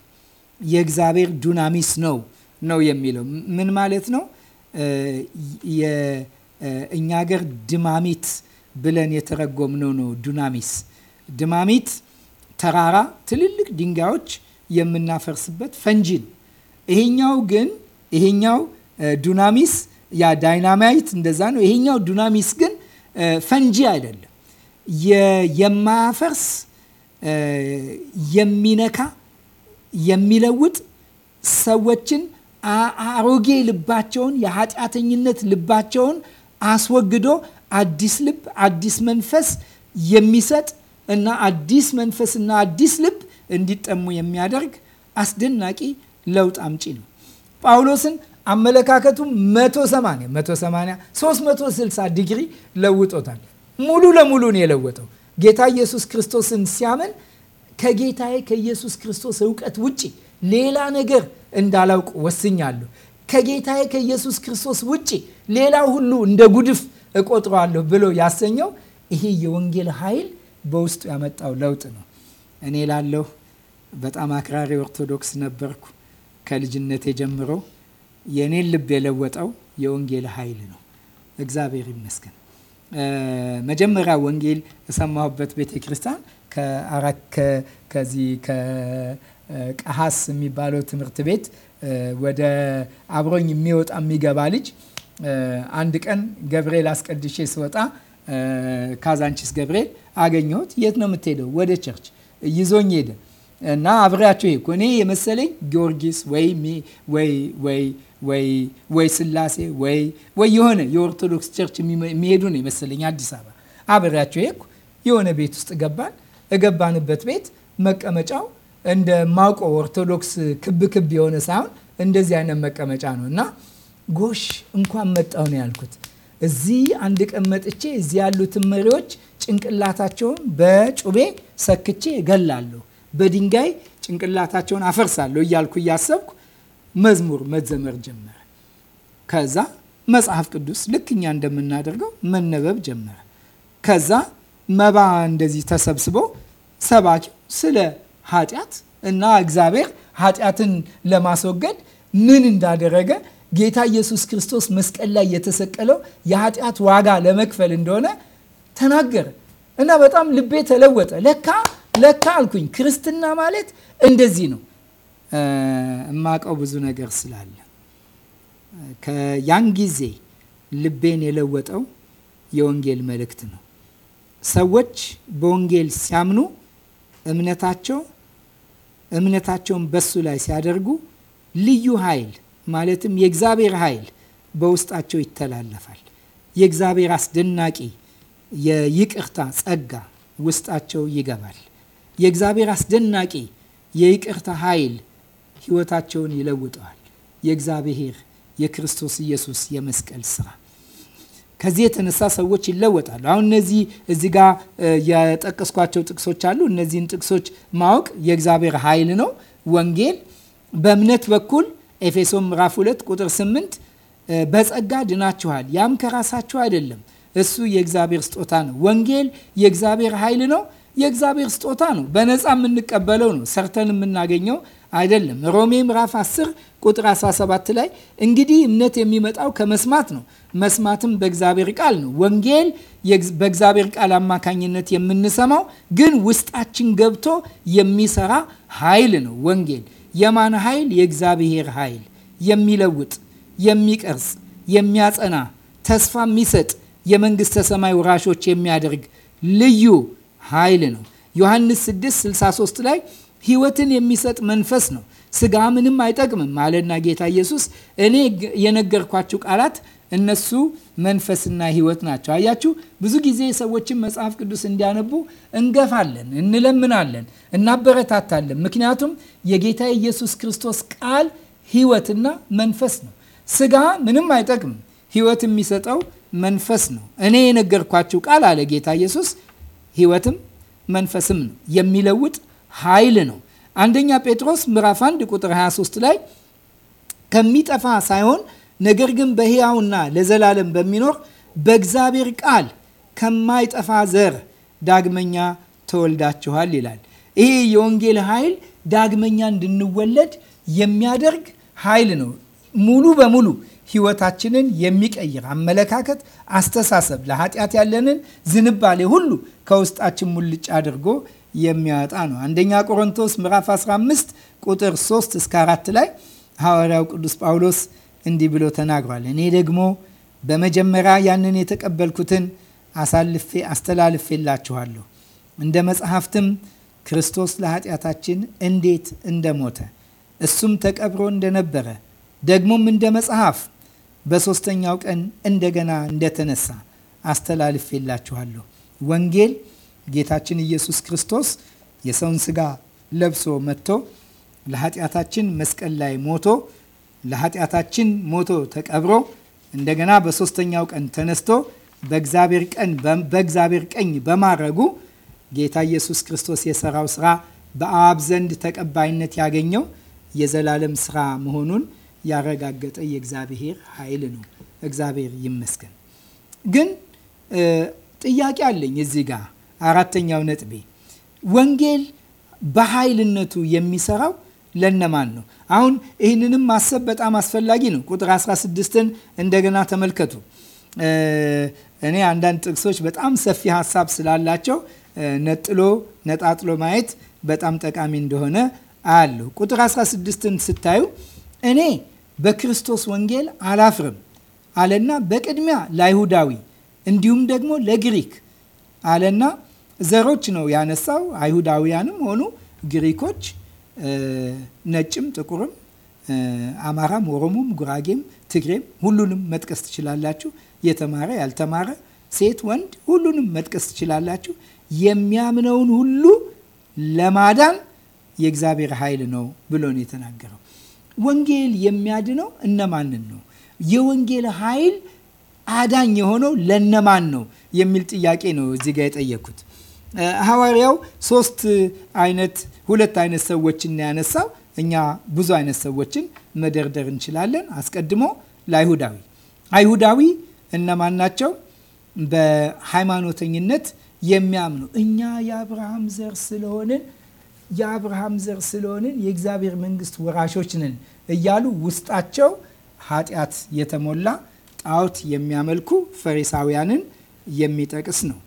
የእግዚአብሔር ዱናሚስ ነው ነው የሚለው ምን ማለት ነው? እኛ ሀገር ድማሚት ብለን የተረጎምነው ነው። ዱናሚስ ድማሚት ተራራ፣ ትልልቅ ድንጋዮች የምናፈርስበት ፈንጂ ይሄኛው ግን ይሄኛው ዱናሚስ ያ ዳይናማይት እንደዛ ነው። ይሄኛው ዱናሚስ ግን ፈንጂ አይደለም። የማያፈርስ የሚነካ የሚለውጥ ሰዎችን አሮጌ ልባቸውን የኃጢአተኝነት ልባቸውን አስወግዶ አዲስ ልብ፣ አዲስ መንፈስ የሚሰጥ እና አዲስ መንፈስና አዲስ ልብ እንዲጠሙ የሚያደርግ አስደናቂ ለውጥ አምጪ ነው። ጳውሎስን አመለካከቱ 180 180 360 ዲግሪ ለውጦታል። ሙሉ ለሙሉ ነው የለወጠው። ጌታ ኢየሱስ ክርስቶስን ሲያምን ከጌታዬ ከኢየሱስ ክርስቶስ እውቀት ውጪ ሌላ ነገር እንዳላውቅ ወስኛለሁ። ከጌታዬ ከኢየሱስ ክርስቶስ ውጪ ሌላው ሁሉ እንደ ጉድፍ እቆጥረዋለሁ ብሎ ያሰኘው ይሄ የወንጌል ኃይል በውስጡ ያመጣው ለውጥ ነው። እኔ ላለሁ በጣም አክራሪ ኦርቶዶክስ ነበርኩ ከልጅነት ጀምሮ። የእኔን ልብ የለወጠው የወንጌል ኃይል ነው። እግዚአብሔር ይመስገን። መጀመሪያ ወንጌል የሰማሁበት ቤተ ክርስቲያን ከዚህ ከቀሀስ የሚባለው ትምህርት ቤት ወደ አብሮኝ የሚወጣ የሚገባ ልጅ አንድ ቀን ገብርኤል አስቀድሼ ስወጣ ካዛንቺስ ገብርኤል አገኘሁት። የት ነው የምትሄደው? ወደ ቸርች ይዞኝ ሄደ እና አብሬያቸው ሄድኩ። እኔ የመሰለኝ ጊዮርጊስ ወይ ወይ ወይ ወይ ወይ ስላሴ ወይ ወይ የሆነ የኦርቶዶክስ ቸርች የሚሄዱ ነው የመሰለኝ አዲስ አበባ። አብሬያቸው ሄድኩ። የሆነ ቤት ውስጥ ገባን። እገባንበት ቤት መቀመጫው እንደ ማቆ ኦርቶዶክስ ክብ ክብ የሆነ ሳይሆን እንደዚህ አይነት መቀመጫ ነው እና ጎሽ እንኳን መጣው ነው ያልኩት። እዚህ አንድ ቀን መጥቼ እዚህ ያሉትን መሪዎች ጭንቅላታቸውን በጩቤ ሰክቼ እገላለሁ፣ በድንጋይ ጭንቅላታቸውን አፈርሳለሁ እያልኩ እያሰብኩ መዝሙር መዘመር ጀመረ። ከዛ መጽሐፍ ቅዱስ ልክ እኛ እንደምናደርገው መነበብ ጀመረ። ከዛ መባ እንደዚህ ተሰብስቦ ሰባኪው ስለ ኃጢአት እና እግዚአብሔር ኃጢአትን ለማስወገድ ምን እንዳደረገ ጌታ ኢየሱስ ክርስቶስ መስቀል ላይ የተሰቀለው የኃጢአት ዋጋ ለመክፈል እንደሆነ ተናገረ እና በጣም ልቤ ተለወጠ። ለካ ለካ አልኩኝ ክርስትና ማለት እንደዚህ ነው። እማቀው ብዙ ነገር ስላለ ከያን ጊዜ ልቤን የለወጠው የወንጌል መልእክት ነው። ሰዎች በወንጌል ሲያምኑ እምነታቸው እምነታቸውን በሱ ላይ ሲያደርጉ ልዩ ኃይል ማለትም የእግዚአብሔር ኃይል በውስጣቸው ይተላለፋል። የእግዚአብሔር አስደናቂ የይቅርታ ጸጋ ውስጣቸው ይገባል። የእግዚአብሔር አስደናቂ የይቅርታ ኃይል ህይወታቸውን ይለውጠዋል። የእግዚአብሔር የክርስቶስ ኢየሱስ የመስቀል ስራ ከዚህ የተነሳ ሰዎች ይለወጣሉ። አሁን እነዚህ እዚ ጋ የጠቀስኳቸው ጥቅሶች አሉ። እነዚህን ጥቅሶች ማወቅ የእግዚአብሔር ኃይል ነው። ወንጌል በእምነት በኩል ኤፌሶን ምዕራፍ 2 ቁጥር 8 በጸጋ ድናችኋል፣ ያም ከራሳችሁ አይደለም፣ እሱ የእግዚአብሔር ስጦታ ነው። ወንጌል የእግዚአብሔር ኃይል ነው። የእግዚአብሔር ስጦታ ነው። በነፃ የምንቀበለው ነው። ሰርተን የምናገኘው አይደለም። ሮሜ ምዕራፍ 10 ቁጥር 17 ላይ እንግዲህ እምነት የሚመጣው ከመስማት ነው፣ መስማትም በእግዚአብሔር ቃል ነው። ወንጌል በእግዚአብሔር ቃል አማካኝነት የምንሰማው ግን ውስጣችን ገብቶ የሚሰራ ኃይል ነው። ወንጌል የማን ኃይል? የእግዚአብሔር ኃይል የሚለውጥ፣ የሚቀርጽ፣ የሚያጸና፣ ተስፋ የሚሰጥ የመንግስተ ሰማይ ወራሾች የሚያደርግ ልዩ ኃይል ነው። ዮሐንስ 6 63 ላይ ህይወትን የሚሰጥ መንፈስ ነው። ስጋ ምንም አይጠቅምም አለና ጌታ ኢየሱስ እኔ የነገርኳችሁ ቃላት እነሱ መንፈስና ህይወት ናቸው። አያችሁ፣ ብዙ ጊዜ ሰዎችን መጽሐፍ ቅዱስ እንዲያነቡ እንገፋለን፣ እንለምናለን፣ እናበረታታለን። ምክንያቱም የጌታ ኢየሱስ ክርስቶስ ቃል ህይወትና መንፈስ ነው። ስጋ ምንም አይጠቅምም። ህይወት የሚሰጠው መንፈስ ነው። እኔ የነገርኳችሁ ቃል አለ ጌታ ኢየሱስ ህይወትም መንፈስም ነው የሚለውጥ ኃይል ነው። አንደኛ ጴጥሮስ ምዕራፍ 1 ቁጥር 23 ላይ ከሚጠፋ ሳይሆን ነገር ግን በሕያውና ለዘላለም በሚኖር በእግዚአብሔር ቃል ከማይጠፋ ዘር ዳግመኛ ተወልዳችኋል ይላል። ይሄ የወንጌል ኃይል ዳግመኛ እንድንወለድ የሚያደርግ ኃይል ነው። ሙሉ በሙሉ ህይወታችንን የሚቀይር አመለካከት፣ አስተሳሰብ፣ ለኃጢአት ያለንን ዝንባሌ ሁሉ ከውስጣችን ሙልጭ አድርጎ የሚያወጣ ነው። አንደኛ ቆሮንቶስ ምዕራፍ 15 ቁጥር 3 እስከ 4 ላይ ሐዋርያው ቅዱስ ጳውሎስ እንዲህ ብሎ ተናግሯል። እኔ ደግሞ በመጀመሪያ ያንን የተቀበልኩትን አሳልፌ አስተላልፌላችኋለሁ እንደ መጽሐፍትም ክርስቶስ ለኃጢአታችን እንዴት እንደሞተ እሱም ተቀብሮ እንደነበረ ደግሞም እንደ መጽሐፍ በሦስተኛው ቀን እንደገና እንደተነሳ አስተላልፌላችኋለሁ። ወንጌል ጌታችን ኢየሱስ ክርስቶስ የሰውን ስጋ ለብሶ መጥቶ ለኃጢአታችን መስቀል ላይ ሞቶ ለኃጢአታችን ሞቶ ተቀብሮ እንደገና በሶስተኛው ቀን ተነስቶ በእግዚአብሔር ቀን በእግዚአብሔር ቀኝ በማረጉ ጌታ ኢየሱስ ክርስቶስ የሰራው ስራ በአብ ዘንድ ተቀባይነት ያገኘው የዘላለም ስራ መሆኑን ያረጋገጠ የእግዚአብሔር ኃይል ነው። እግዚአብሔር ይመስገን። ግን ጥያቄ አለኝ እዚህ ጋር አራተኛው ነጥቤ ወንጌል በኃይልነቱ የሚሰራው ለነማን ነው? አሁን ይህንንም ማሰብ በጣም አስፈላጊ ነው። ቁጥር 16ን እንደገና ተመልከቱ። እኔ አንዳንድ ጥቅሶች በጣም ሰፊ ሀሳብ ስላላቸው ነጥሎ ነጣጥሎ ማየት በጣም ጠቃሚ እንደሆነ አያለሁ። ቁጥር 16ን ስታዩ እኔ በክርስቶስ ወንጌል አላፍርም አለና በቅድሚያ ለአይሁዳዊ እንዲሁም ደግሞ ለግሪክ አለና ዘሮች ነው ያነሳው። አይሁዳውያንም ሆኑ ግሪኮች፣ ነጭም፣ ጥቁርም፣ አማራም፣ ኦሮሞም፣ ጉራጌም፣ ትግሬም ሁሉንም መጥቀስ ትችላላችሁ። የተማረ ያልተማረ፣ ሴት ወንድ፣ ሁሉንም መጥቀስ ትችላላችሁ። የሚያምነውን ሁሉ ለማዳን የእግዚአብሔር ኃይል ነው ብሎ ነው የተናገረው። ወንጌል የሚያድነው እነማንን ነው? የወንጌል ኃይል አዳኝ የሆነው ለነማን ነው የሚል ጥያቄ ነው እዚህ ጋር የጠየኩት። ሐዋርያው ሶስት አይነት ሁለት አይነት ሰዎችን ያነሳው። እኛ ብዙ አይነት ሰዎችን መደርደር እንችላለን። አስቀድሞ ለአይሁዳዊ አይሁዳዊ እነማን ናቸው? በሃይማኖተኝነት የሚያምኑ እኛ የአብርሃም ዘር ስለሆንን የአብርሃም ዘር ስለሆንን የእግዚአብሔር መንግስት ወራሾች ነን እያሉ ውስጣቸው ኃጢአት የተሞላ ጣዖት የሚያመልኩ ፈሪሳውያንን የሚጠቅስ ነው።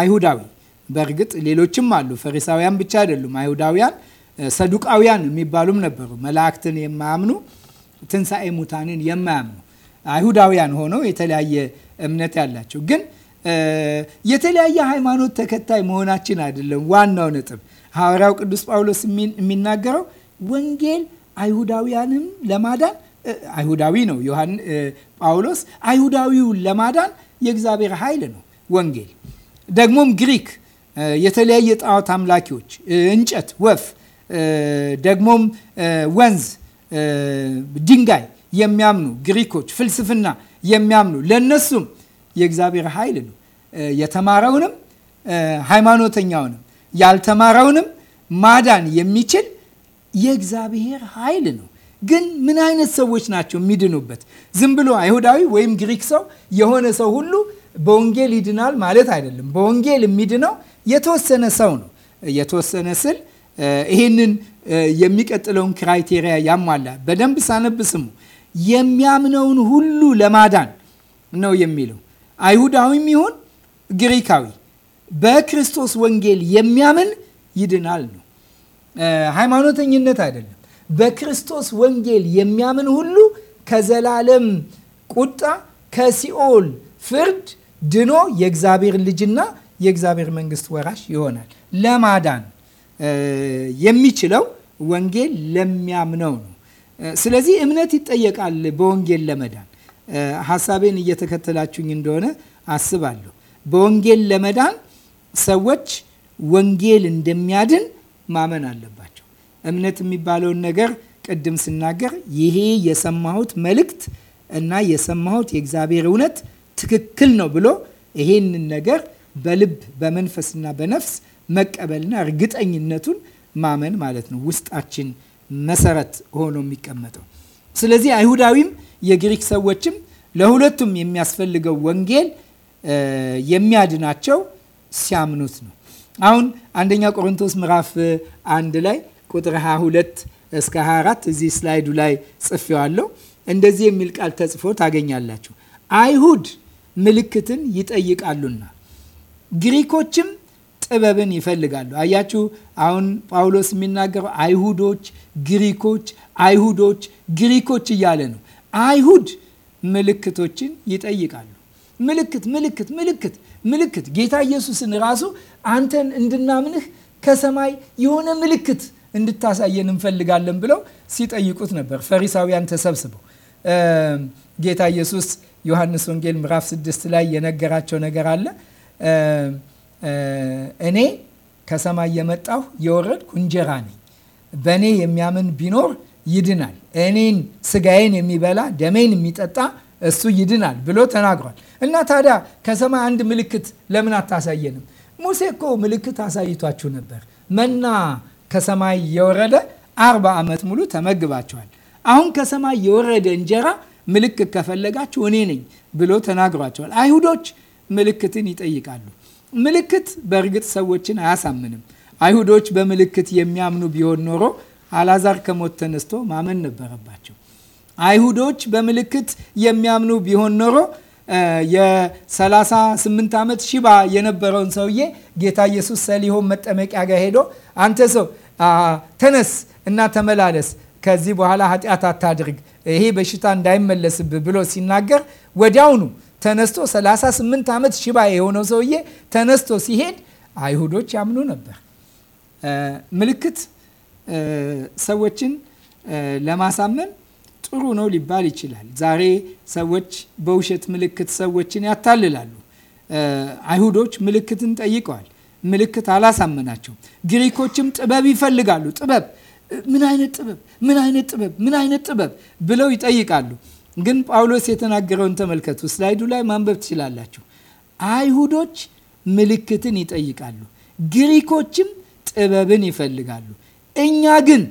አይሁዳዊ በእርግጥ ሌሎችም አሉ። ፈሪሳውያን ብቻ አይደሉም። አይሁዳውያን ሰዱቃውያን የሚባሉም ነበሩ። መላእክትን የማያምኑ ትንሣኤ ሙታንን የማያምኑ አይሁዳውያን ሆነው የተለያየ እምነት ያላቸው ግን የተለያየ ሃይማኖት ተከታይ መሆናችን አይደለም ዋናው ነጥብ። ሐዋርያው ቅዱስ ጳውሎስ የሚናገረው ወንጌል አይሁዳውያንም ለማዳን አይሁዳዊ ነው ዮሐን ጳውሎስ አይሁዳዊውን ለማዳን የእግዚአብሔር ኃይል ነው ወንጌል። ደግሞም ግሪክ፣ የተለያየ ጣዖት አምላኪዎች፣ እንጨት፣ ወፍ፣ ደግሞም ወንዝ፣ ድንጋይ የሚያምኑ ግሪኮች፣ ፍልስፍና የሚያምኑ ለእነሱም የእግዚአብሔር ኃይል ነው። የተማረውንም ሃይማኖተኛውንም ያልተማረውንም ማዳን የሚችል የእግዚአብሔር ኃይል ነው። ግን ምን አይነት ሰዎች ናቸው የሚድኑበት? ዝም ብሎ አይሁዳዊ ወይም ግሪክ ሰው የሆነ ሰው ሁሉ በወንጌል ይድናል ማለት አይደለም። በወንጌል የሚድነው የተወሰነ ሰው ነው። የተወሰነ ስል ይህንን የሚቀጥለውን ክራይቴሪያ ያሟላ በደንብ ሳነብ ስሙ የሚያምነውን ሁሉ ለማዳን ነው የሚለው። አይሁዳዊም ይሁን ግሪካዊ በክርስቶስ ወንጌል የሚያምን ይድናል ነው። ሃይማኖተኝነት አይደለም። በክርስቶስ ወንጌል የሚያምን ሁሉ ከዘላለም ቁጣ ከሲኦል ፍርድ ድኖ የእግዚአብሔር ልጅና የእግዚአብሔር መንግስት ወራሽ ይሆናል። ለማዳን የሚችለው ወንጌል ለሚያምነው ነው። ስለዚህ እምነት ይጠየቃል በወንጌል ለመዳን። ሀሳቤን እየተከተላችሁኝ እንደሆነ አስባለሁ። በወንጌል ለመዳን ሰዎች ወንጌል እንደሚያድን ማመን አለባቸው። እምነት የሚባለውን ነገር ቅድም ስናገር ይሄ የሰማሁት መልእክት እና የሰማሁት የእግዚአብሔር እውነት ትክክል ነው ብሎ ይሄንን ነገር በልብ በመንፈስና በነፍስ መቀበልና እርግጠኝነቱን ማመን ማለት ነው ውስጣችን መሰረት ሆኖ የሚቀመጠው። ስለዚህ አይሁዳዊም የግሪክ ሰዎችም ለሁለቱም የሚያስፈልገው ወንጌል የሚያድናቸው ሲያምኑት ነው። አሁን አንደኛ ቆሮንቶስ ምዕራፍ አንድ ላይ ቁጥር 22 እስከ 24 እዚህ ስላይዱ ላይ ጽፌዋለሁ። እንደዚህ የሚል ቃል ተጽፎ ታገኛላችሁ። አይሁድ ምልክትን ይጠይቃሉና ግሪኮችም ጥበብን ይፈልጋሉ። አያችሁ፣ አሁን ጳውሎስ የሚናገረው አይሁዶች፣ ግሪኮች፣ አይሁዶች፣ ግሪኮች እያለ ነው። አይሁድ ምልክቶችን ይጠይቃሉ። ምልክት ምልክት ምልክት ምልክት ጌታ ኢየሱስን ራሱ አንተን እንድናምንህ ከሰማይ የሆነ ምልክት እንድታሳየን እንፈልጋለን ብለው ሲጠይቁት ነበር። ፈሪሳውያን ተሰብስበው ጌታ ኢየሱስ ዮሐንስ ወንጌል ምዕራፍ ስድስት ላይ የነገራቸው ነገር አለ። እኔ ከሰማይ የመጣሁ የወረድኩ እንጀራ ነኝ። በእኔ የሚያምን ቢኖር ይድናል። እኔን ስጋዬን የሚበላ ደሜን የሚጠጣ እሱ ይድናል ብሎ ተናግሯል። እና ታዲያ ከሰማይ አንድ ምልክት ለምን አታሳየንም? ሙሴ እኮ ምልክት አሳይቷችሁ ነበር። መና ከሰማይ የወረደ አርባ ዓመት ሙሉ ተመግባቸዋል። አሁን ከሰማይ የወረደ እንጀራ ምልክት ከፈለጋችሁ እኔ ነኝ ብሎ ተናግሯቸዋል። አይሁዶች ምልክትን ይጠይቃሉ። ምልክት በእርግጥ ሰዎችን አያሳምንም። አይሁዶች በምልክት የሚያምኑ ቢሆን ኖሮ አላዛር ከሞት ተነስቶ ማመን ነበረባቸው። አይሁዶች በምልክት የሚያምኑ ቢሆን ኖሮ የ38 ዓመት ሽባ የነበረውን ሰውዬ ጌታ ኢየሱስ ሰሊሆን መጠመቂያ ጋር ሄዶ አንተ ሰው ተነስ እና ተመላለስ ከዚህ በኋላ ኃጢአት አታድርግ፣ ይሄ በሽታ እንዳይመለስብ ብሎ ሲናገር ወዲያውኑ ተነስቶ 38 ዓመት ሽባ የሆነው ሰውዬ ተነስቶ ሲሄድ አይሁዶች ያምኑ ነበር። ምልክት ሰዎችን ለማሳመን ጥሩ ነው ሊባል ይችላል። ዛሬ ሰዎች በውሸት ምልክት ሰዎችን ያታልላሉ። አይሁዶች ምልክትን ጠይቀዋል። ምልክት አላሳመናቸው። ግሪኮችም ጥበብ ይፈልጋሉ። ጥበብ ምን አይነት ጥበብ፣ ምን አይነት ጥበብ፣ ምን አይነት ጥበብ ብለው ይጠይቃሉ። ግን ጳውሎስ የተናገረውን ተመልከቱ። ስላይዱ ላይ ማንበብ ትችላላችሁ። አይሁዶች ምልክትን ይጠይቃሉ፣ ግሪኮችም ጥበብን ይፈልጋሉ። እኛ ግን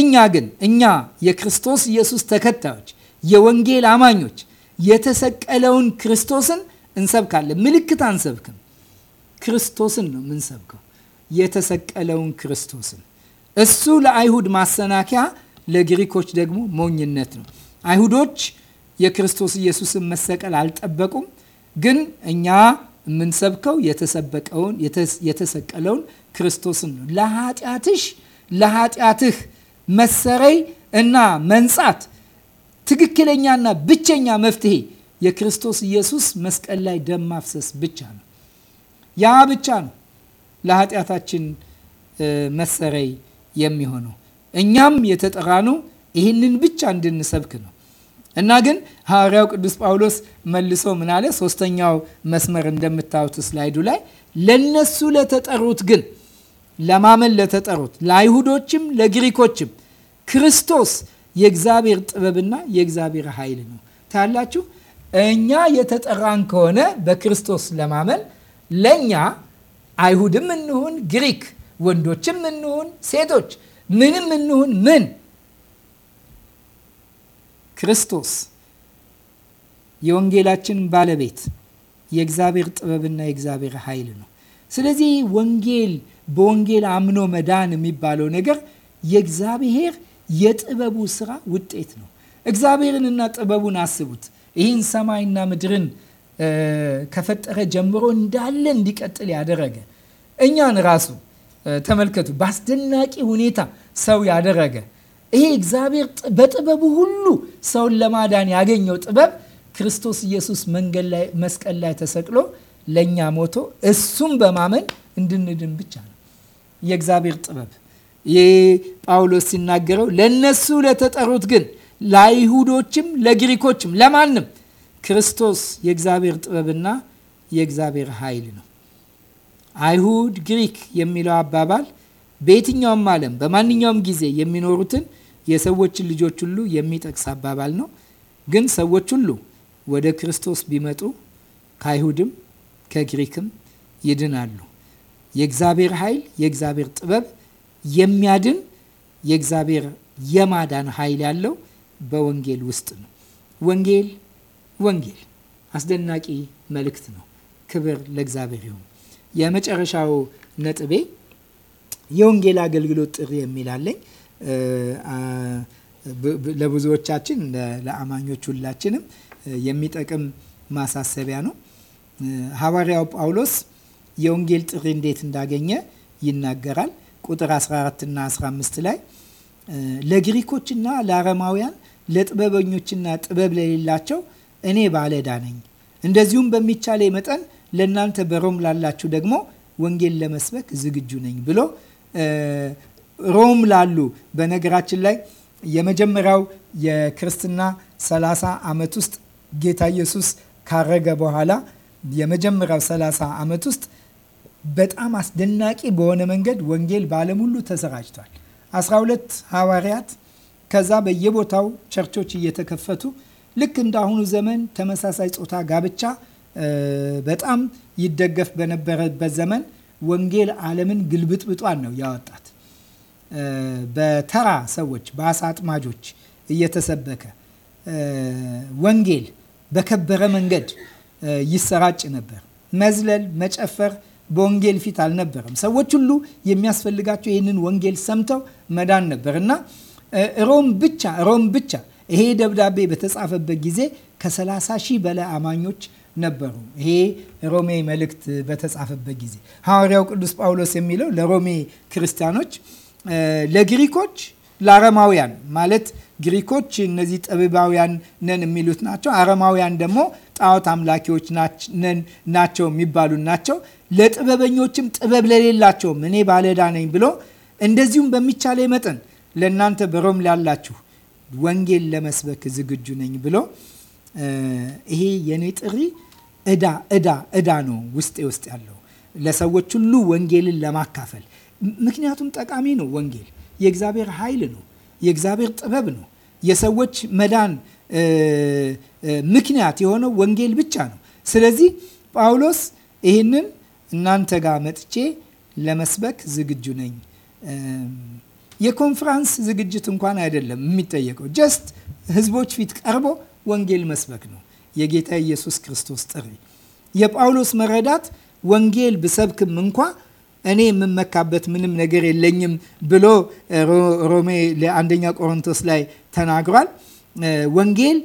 እኛ ግን እኛ የክርስቶስ ኢየሱስ ተከታዮች የወንጌል አማኞች የተሰቀለውን ክርስቶስን እንሰብካለን። ምልክት አንሰብክም፣ ክርስቶስን ነው የምንሰብከው፣ የተሰቀለውን ክርስቶስን እሱ ለአይሁድ ማሰናከያ፣ ለግሪኮች ደግሞ ሞኝነት ነው። አይሁዶች የክርስቶስ ኢየሱስን መሰቀል አልጠበቁም። ግን እኛ የምንሰብከው የተሰበቀውን የተሰቀለውን ክርስቶስን ነው። ለኃጢአትሽ ለኃጢአትህ መሰረይ እና መንጻት ትክክለኛና ብቸኛ መፍትሄ የክርስቶስ ኢየሱስ መስቀል ላይ ደም ማፍሰስ ብቻ ነው። ያ ብቻ ነው ለኃጢአታችን መሰረይ የሚሆነው። እኛም የተጠራነው ይህንን ብቻ እንድንሰብክ ነው እና ግን ሐዋርያው ቅዱስ ጳውሎስ መልሶ ምን አለ? ሶስተኛው መስመር እንደምታዩት ስላይዱ ላይ ለነሱ ለተጠሩት ግን ለማመን ለተጠሩት ለአይሁዶችም ለግሪኮችም ክርስቶስ የእግዚአብሔር ጥበብና የእግዚአብሔር ኃይል ነው። ታያላችሁ። እኛ የተጠራን ከሆነ በክርስቶስ ለማመን ለእኛ አይሁድም እንሁን ግሪክ ወንዶችም እንሁን ሴቶች፣ ምንም እንሁን ምን ክርስቶስ የወንጌላችን ባለቤት የእግዚአብሔር ጥበብና የእግዚአብሔር ኃይል ነው። ስለዚህ ወንጌል በወንጌል አምኖ መዳን የሚባለው ነገር የእግዚአብሔር የጥበቡ ስራ ውጤት ነው። እግዚአብሔርንና ጥበቡን አስቡት። ይህን ሰማይና ምድርን ከፈጠረ ጀምሮ እንዳለ እንዲቀጥል ያደረገ እኛን ራሱ ተመልከቱ። በአስደናቂ ሁኔታ ሰው ያደረገ ይሄ እግዚአብሔር በጥበቡ ሁሉ ሰውን ለማዳን ያገኘው ጥበብ ክርስቶስ ኢየሱስ መንገድ ላይ መስቀል ላይ ተሰቅሎ ለእኛ ሞቶ እሱም በማመን እንድንድን ብቻ ነው። የእግዚአብሔር ጥበብ ይህ ጳውሎስ ሲናገረው ለእነሱ ለተጠሩት ግን ለአይሁዶችም፣ ለግሪኮችም፣ ለማንም ክርስቶስ የእግዚአብሔር ጥበብና የእግዚአብሔር ኃይል ነው። አይሁድ፣ ግሪክ የሚለው አባባል በየትኛውም ዓለም በማንኛውም ጊዜ የሚኖሩትን የሰዎችን ልጆች ሁሉ የሚጠቅስ አባባል ነው። ግን ሰዎች ሁሉ ወደ ክርስቶስ ቢመጡ ከአይሁድም ከግሪክም ይድናሉ። የእግዚአብሔር ኃይል፣ የእግዚአብሔር ጥበብ የሚያድን የእግዚአብሔር የማዳን ኃይል ያለው በወንጌል ውስጥ ነው። ወንጌል ወንጌል አስደናቂ መልእክት ነው። ክብር ለእግዚአብሔር ይሁን። የመጨረሻው ነጥቤ የወንጌል አገልግሎት ጥሪ የሚላለኝ ለብዙዎቻችን ለአማኞች ሁላችንም የሚጠቅም ማሳሰቢያ ነው። ሐዋርያው ጳውሎስ የወንጌል ጥሪ እንዴት እንዳገኘ ይናገራል። ቁጥር 14 እና 15 ላይ ለግሪኮችና ለአረማውያን ለጥበበኞችና ጥበብ ለሌላቸው እኔ ባለ ዕዳ ነኝ፣ እንደዚሁም በሚቻለ መጠን ለእናንተ በሮም ላላችሁ ደግሞ ወንጌል ለመስበክ ዝግጁ ነኝ ብሎ ሮም ላሉ በነገራችን ላይ የመጀመሪያው የክርስትና 30 ዓመት ውስጥ ጌታ ኢየሱስ ካረገ በኋላ የመጀመሪያው 30 ዓመት ውስጥ በጣም አስደናቂ በሆነ መንገድ ወንጌል በዓለም ሁሉ ተሰራጭቷል። 12 ሐዋርያት ከዛ በየቦታው ቸርቾች እየተከፈቱ ልክ እንደ አሁኑ ዘመን ተመሳሳይ ጾታ ጋብቻ በጣም ይደገፍ በነበረበት ዘመን ወንጌል ዓለምን ግልብጥብጧን ነው ያወጣት። በተራ ሰዎች፣ በአሳ አጥማጆች እየተሰበከ ወንጌል በከበረ መንገድ ይሰራጭ ነበር። መዝለል፣ መጨፈር በወንጌል ፊት አልነበረም። ሰዎች ሁሉ የሚያስፈልጋቸው ይህንን ወንጌል ሰምተው መዳን ነበር እና ሮም ብቻ ሮም ብቻ ይሄ ደብዳቤ በተጻፈበት ጊዜ ከ30 ሺህ በላይ አማኞች ነበሩ። ይሄ ሮሜ መልእክት በተጻፈበት ጊዜ ሐዋርያው ቅዱስ ጳውሎስ የሚለው ለሮሜ ክርስቲያኖች፣ ለግሪኮች፣ ለአረማውያን ማለት ግሪኮች እነዚህ ጠቢባውያን ነን የሚሉት ናቸው። አረማውያን ደግሞ ጣዖት አምላኪዎች ነን ናቸው የሚባሉ ናቸው። ለጥበበኞችም ጥበብ ለሌላቸውም እኔ ባለዕዳ ነኝ ብሎ እንደዚሁም በሚቻለ መጠን ለእናንተ በሮም ላላችሁ ወንጌል ለመስበክ ዝግጁ ነኝ ብሎ ይሄ የኔ ጥሪ እዳ እዳ እዳ ነው ውስጤ ውስጥ ያለው ለሰዎች ሁሉ ወንጌልን ለማካፈል። ምክንያቱም ጠቃሚ ነው። ወንጌል የእግዚአብሔር ኃይል ነው። የእግዚአብሔር ጥበብ ነው። የሰዎች መዳን ምክንያት የሆነው ወንጌል ብቻ ነው። ስለዚህ ጳውሎስ ይህንን እናንተ ጋር መጥቼ ለመስበክ ዝግጁ ነኝ። የኮንፍራንስ ዝግጅት እንኳን አይደለም የሚጠየቀው። ጀስት ህዝቦች ፊት ቀርቦ ወንጌል መስበክ ነው። የጌታ ኢየሱስ ክርስቶስ ጥሪ። የጳውሎስ መረዳት ወንጌል ብሰብክም እንኳ እኔ የምመካበት ምንም ነገር የለኝም ብሎ ሮሜ ለአንደኛ ቆሮንቶስ ላይ ተናግሯል። ወንጌል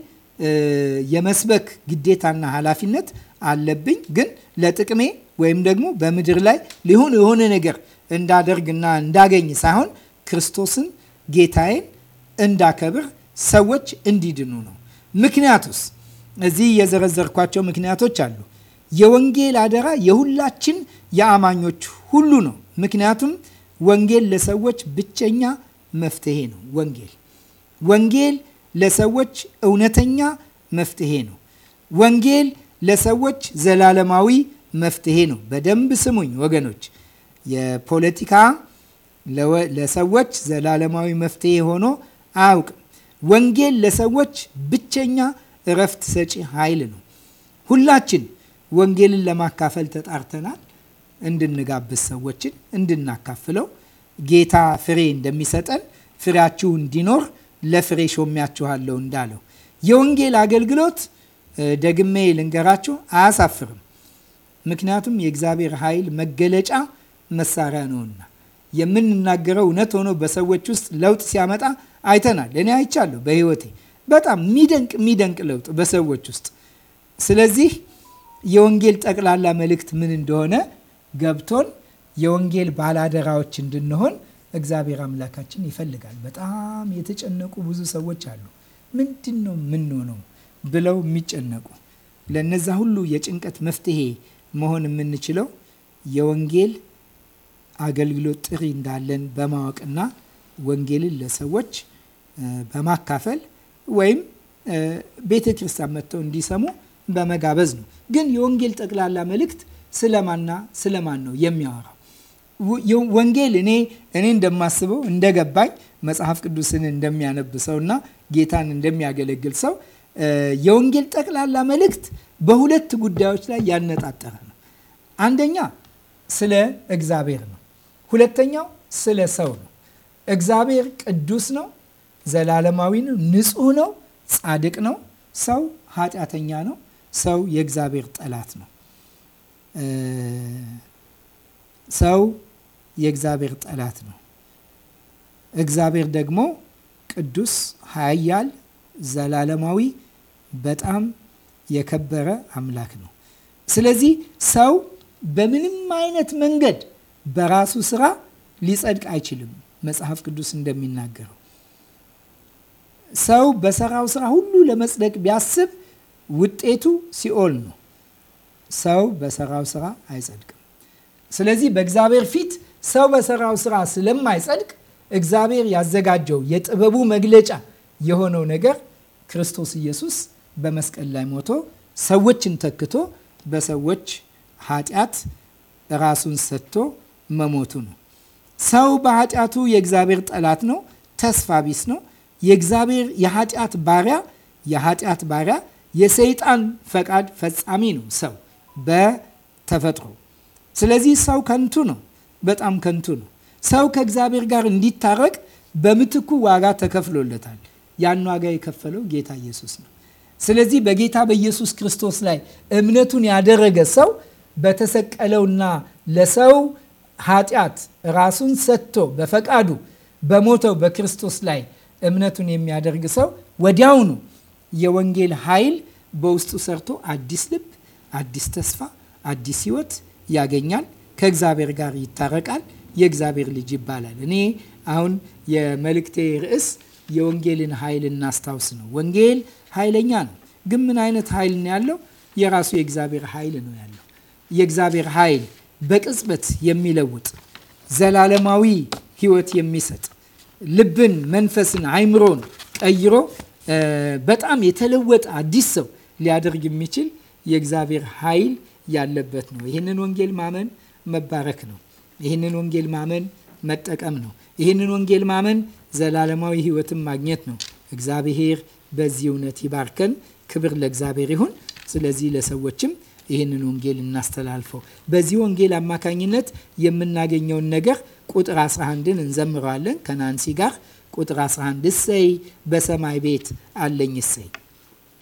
የመስበክ ግዴታና ኃላፊነት አለብኝ፣ ግን ለጥቅሜ ወይም ደግሞ በምድር ላይ ሊሆን የሆነ ነገር እንዳደርግና እንዳገኝ ሳይሆን ክርስቶስን ጌታዬን እንዳከብር ሰዎች እንዲድኑ ነው። ምክንያቱስ እዚህ የዘረዘርኳቸው ምክንያቶች አሉ። የወንጌል አደራ የሁላችን የአማኞች ሁሉ ነው። ምክንያቱም ወንጌል ለሰዎች ብቸኛ መፍትሄ ነው። ወንጌል ወንጌል ለሰዎች እውነተኛ መፍትሄ ነው። ወንጌል ለሰዎች ዘላለማዊ መፍትሄ ነው። በደንብ ስሙኝ ወገኖች። የፖለቲካ ለሰዎች ዘላለማዊ መፍትሄ ሆኖ አያውቅም። ወንጌል ለሰዎች ብቸኛ እረፍት ሰጪ ኃይል ነው። ሁላችን ወንጌልን ለማካፈል ተጣርተናል። እንድንጋብዝ ሰዎችን እንድናካፍለው ጌታ ፍሬ እንደሚሰጠን ፍሬያችሁ እንዲኖር ለፍሬ ሾሚያችኋለሁ እንዳለው የወንጌል አገልግሎት ደግሜ ልንገራችሁ አያሳፍርም። ምክንያቱም የእግዚአብሔር ኃይል መገለጫ መሳሪያ ነውና የምንናገረው እውነት ሆኖ በሰዎች ውስጥ ለውጥ ሲያመጣ አይተናል። እኔ አይቻለሁ በሕይወቴ በጣም የሚደንቅ የሚደንቅ ለውጥ በሰዎች ውስጥ። ስለዚህ የወንጌል ጠቅላላ መልእክት ምን እንደሆነ ገብቶን የወንጌል ባላደራዎች እንድንሆን እግዚአብሔር አምላካችን ይፈልጋል። በጣም የተጨነቁ ብዙ ሰዎች አሉ። ምንድን ነው የምንሆነው ብለው የሚጨነቁ ለነዛ ሁሉ የጭንቀት መፍትሄ መሆን የምንችለው የወንጌል አገልግሎት ጥሪ እንዳለን በማወቅና ወንጌልን ለሰዎች በማካፈል ወይም ቤተ ክርስቲያን መጥተው እንዲሰሙ በመጋበዝ ነው። ግን የወንጌል ጠቅላላ መልእክት ስለማና ስለማን ነው የሚያወራው? ወንጌል እኔ እኔ እንደማስበው እንደገባኝ መጽሐፍ ቅዱስን እንደሚያነብ ሰው እና ጌታን እንደሚያገለግል ሰው የወንጌል ጠቅላላ መልእክት በሁለት ጉዳዮች ላይ ያነጣጠረ ነው። አንደኛ ስለ እግዚአብሔር ነው። ሁለተኛው ስለ ሰው ነው። እግዚአብሔር ቅዱስ ነው። ዘላለማዊ ነው፣ ንጹህ ነው፣ ጻድቅ ነው። ሰው ኃጢአተኛ ነው። ሰው የእግዚአብሔር ጠላት ነው። ሰው የእግዚአብሔር ጠላት ነው። እግዚአብሔር ደግሞ ቅዱስ፣ ኃያል፣ ዘላለማዊ በጣም የከበረ አምላክ ነው። ስለዚህ ሰው በምንም አይነት መንገድ በራሱ ስራ ሊጸድቅ አይችልም፣ መጽሐፍ ቅዱስ እንደሚናገረው ሰው በሰራው ስራ ሁሉ ለመጽደቅ ቢያስብ ውጤቱ ሲኦል ነው። ሰው በሰራው ስራ አይጸድቅም። ስለዚህ በእግዚአብሔር ፊት ሰው በሰራው ስራ ስለማይጸድቅ እግዚአብሔር ያዘጋጀው የጥበቡ መግለጫ የሆነው ነገር ክርስቶስ ኢየሱስ በመስቀል ላይ ሞቶ ሰዎችን ተክቶ በሰዎች ኃጢአት ራሱን ሰጥቶ መሞቱ ነው። ሰው በኃጢአቱ የእግዚአብሔር ጠላት ነው፣ ተስፋ ቢስ ነው። የእግዚአብሔር የኃጢአት ባሪያ የኃጢአት ባሪያ የሰይጣን ፈቃድ ፈጻሚ ነው ሰው በተፈጥሮ ስለዚህ ሰው ከንቱ ነው በጣም ከንቱ ነው ሰው ከእግዚአብሔር ጋር እንዲታረቅ በምትኩ ዋጋ ተከፍሎለታል ያን ዋጋ የከፈለው ጌታ ኢየሱስ ነው ስለዚህ በጌታ በኢየሱስ ክርስቶስ ላይ እምነቱን ያደረገ ሰው በተሰቀለውና ለሰው ኃጢአት ራሱን ሰጥቶ በፈቃዱ በሞተው በክርስቶስ ላይ እምነቱን የሚያደርግ ሰው ወዲያውኑ የወንጌል ኃይል በውስጡ ሰርቶ አዲስ ልብ፣ አዲስ ተስፋ፣ አዲስ ህይወት ያገኛል። ከእግዚአብሔር ጋር ይታረቃል። የእግዚአብሔር ልጅ ይባላል። እኔ አሁን የመልእክቴ ርዕስ የወንጌልን ኃይል እናስታውስ ነው። ወንጌል ኃይለኛ ነው። ግን ምን አይነት ኃይል ነው ያለው? የራሱ የእግዚአብሔር ኃይል ነው ያለው። የእግዚአብሔር ኃይል በቅጽበት የሚለውጥ ዘላለማዊ ህይወት የሚሰጥ ልብን፣ መንፈስን፣ አይምሮን ቀይሮ በጣም የተለወጠ አዲስ ሰው ሊያደርግ የሚችል የእግዚአብሔር ኃይል ያለበት ነው። ይህንን ወንጌል ማመን መባረክ ነው። ይህንን ወንጌል ማመን መጠቀም ነው። ይህንን ወንጌል ማመን ዘላለማዊ ሕይወትን ማግኘት ነው። እግዚአብሔር በዚህ እውነት ይባርከን። ክብር ለእግዚአብሔር ይሁን። ስለዚህ ለሰዎችም ይህንን ወንጌል እናስተላልፈው። በዚህ ወንጌል አማካኝነት የምናገኘውን ነገር ቁጥር 11ን እንዘምረዋለን ከናንሲ ጋር ቁጥር 11 እሰይ በሰማይ ቤት አለኝ እሰይ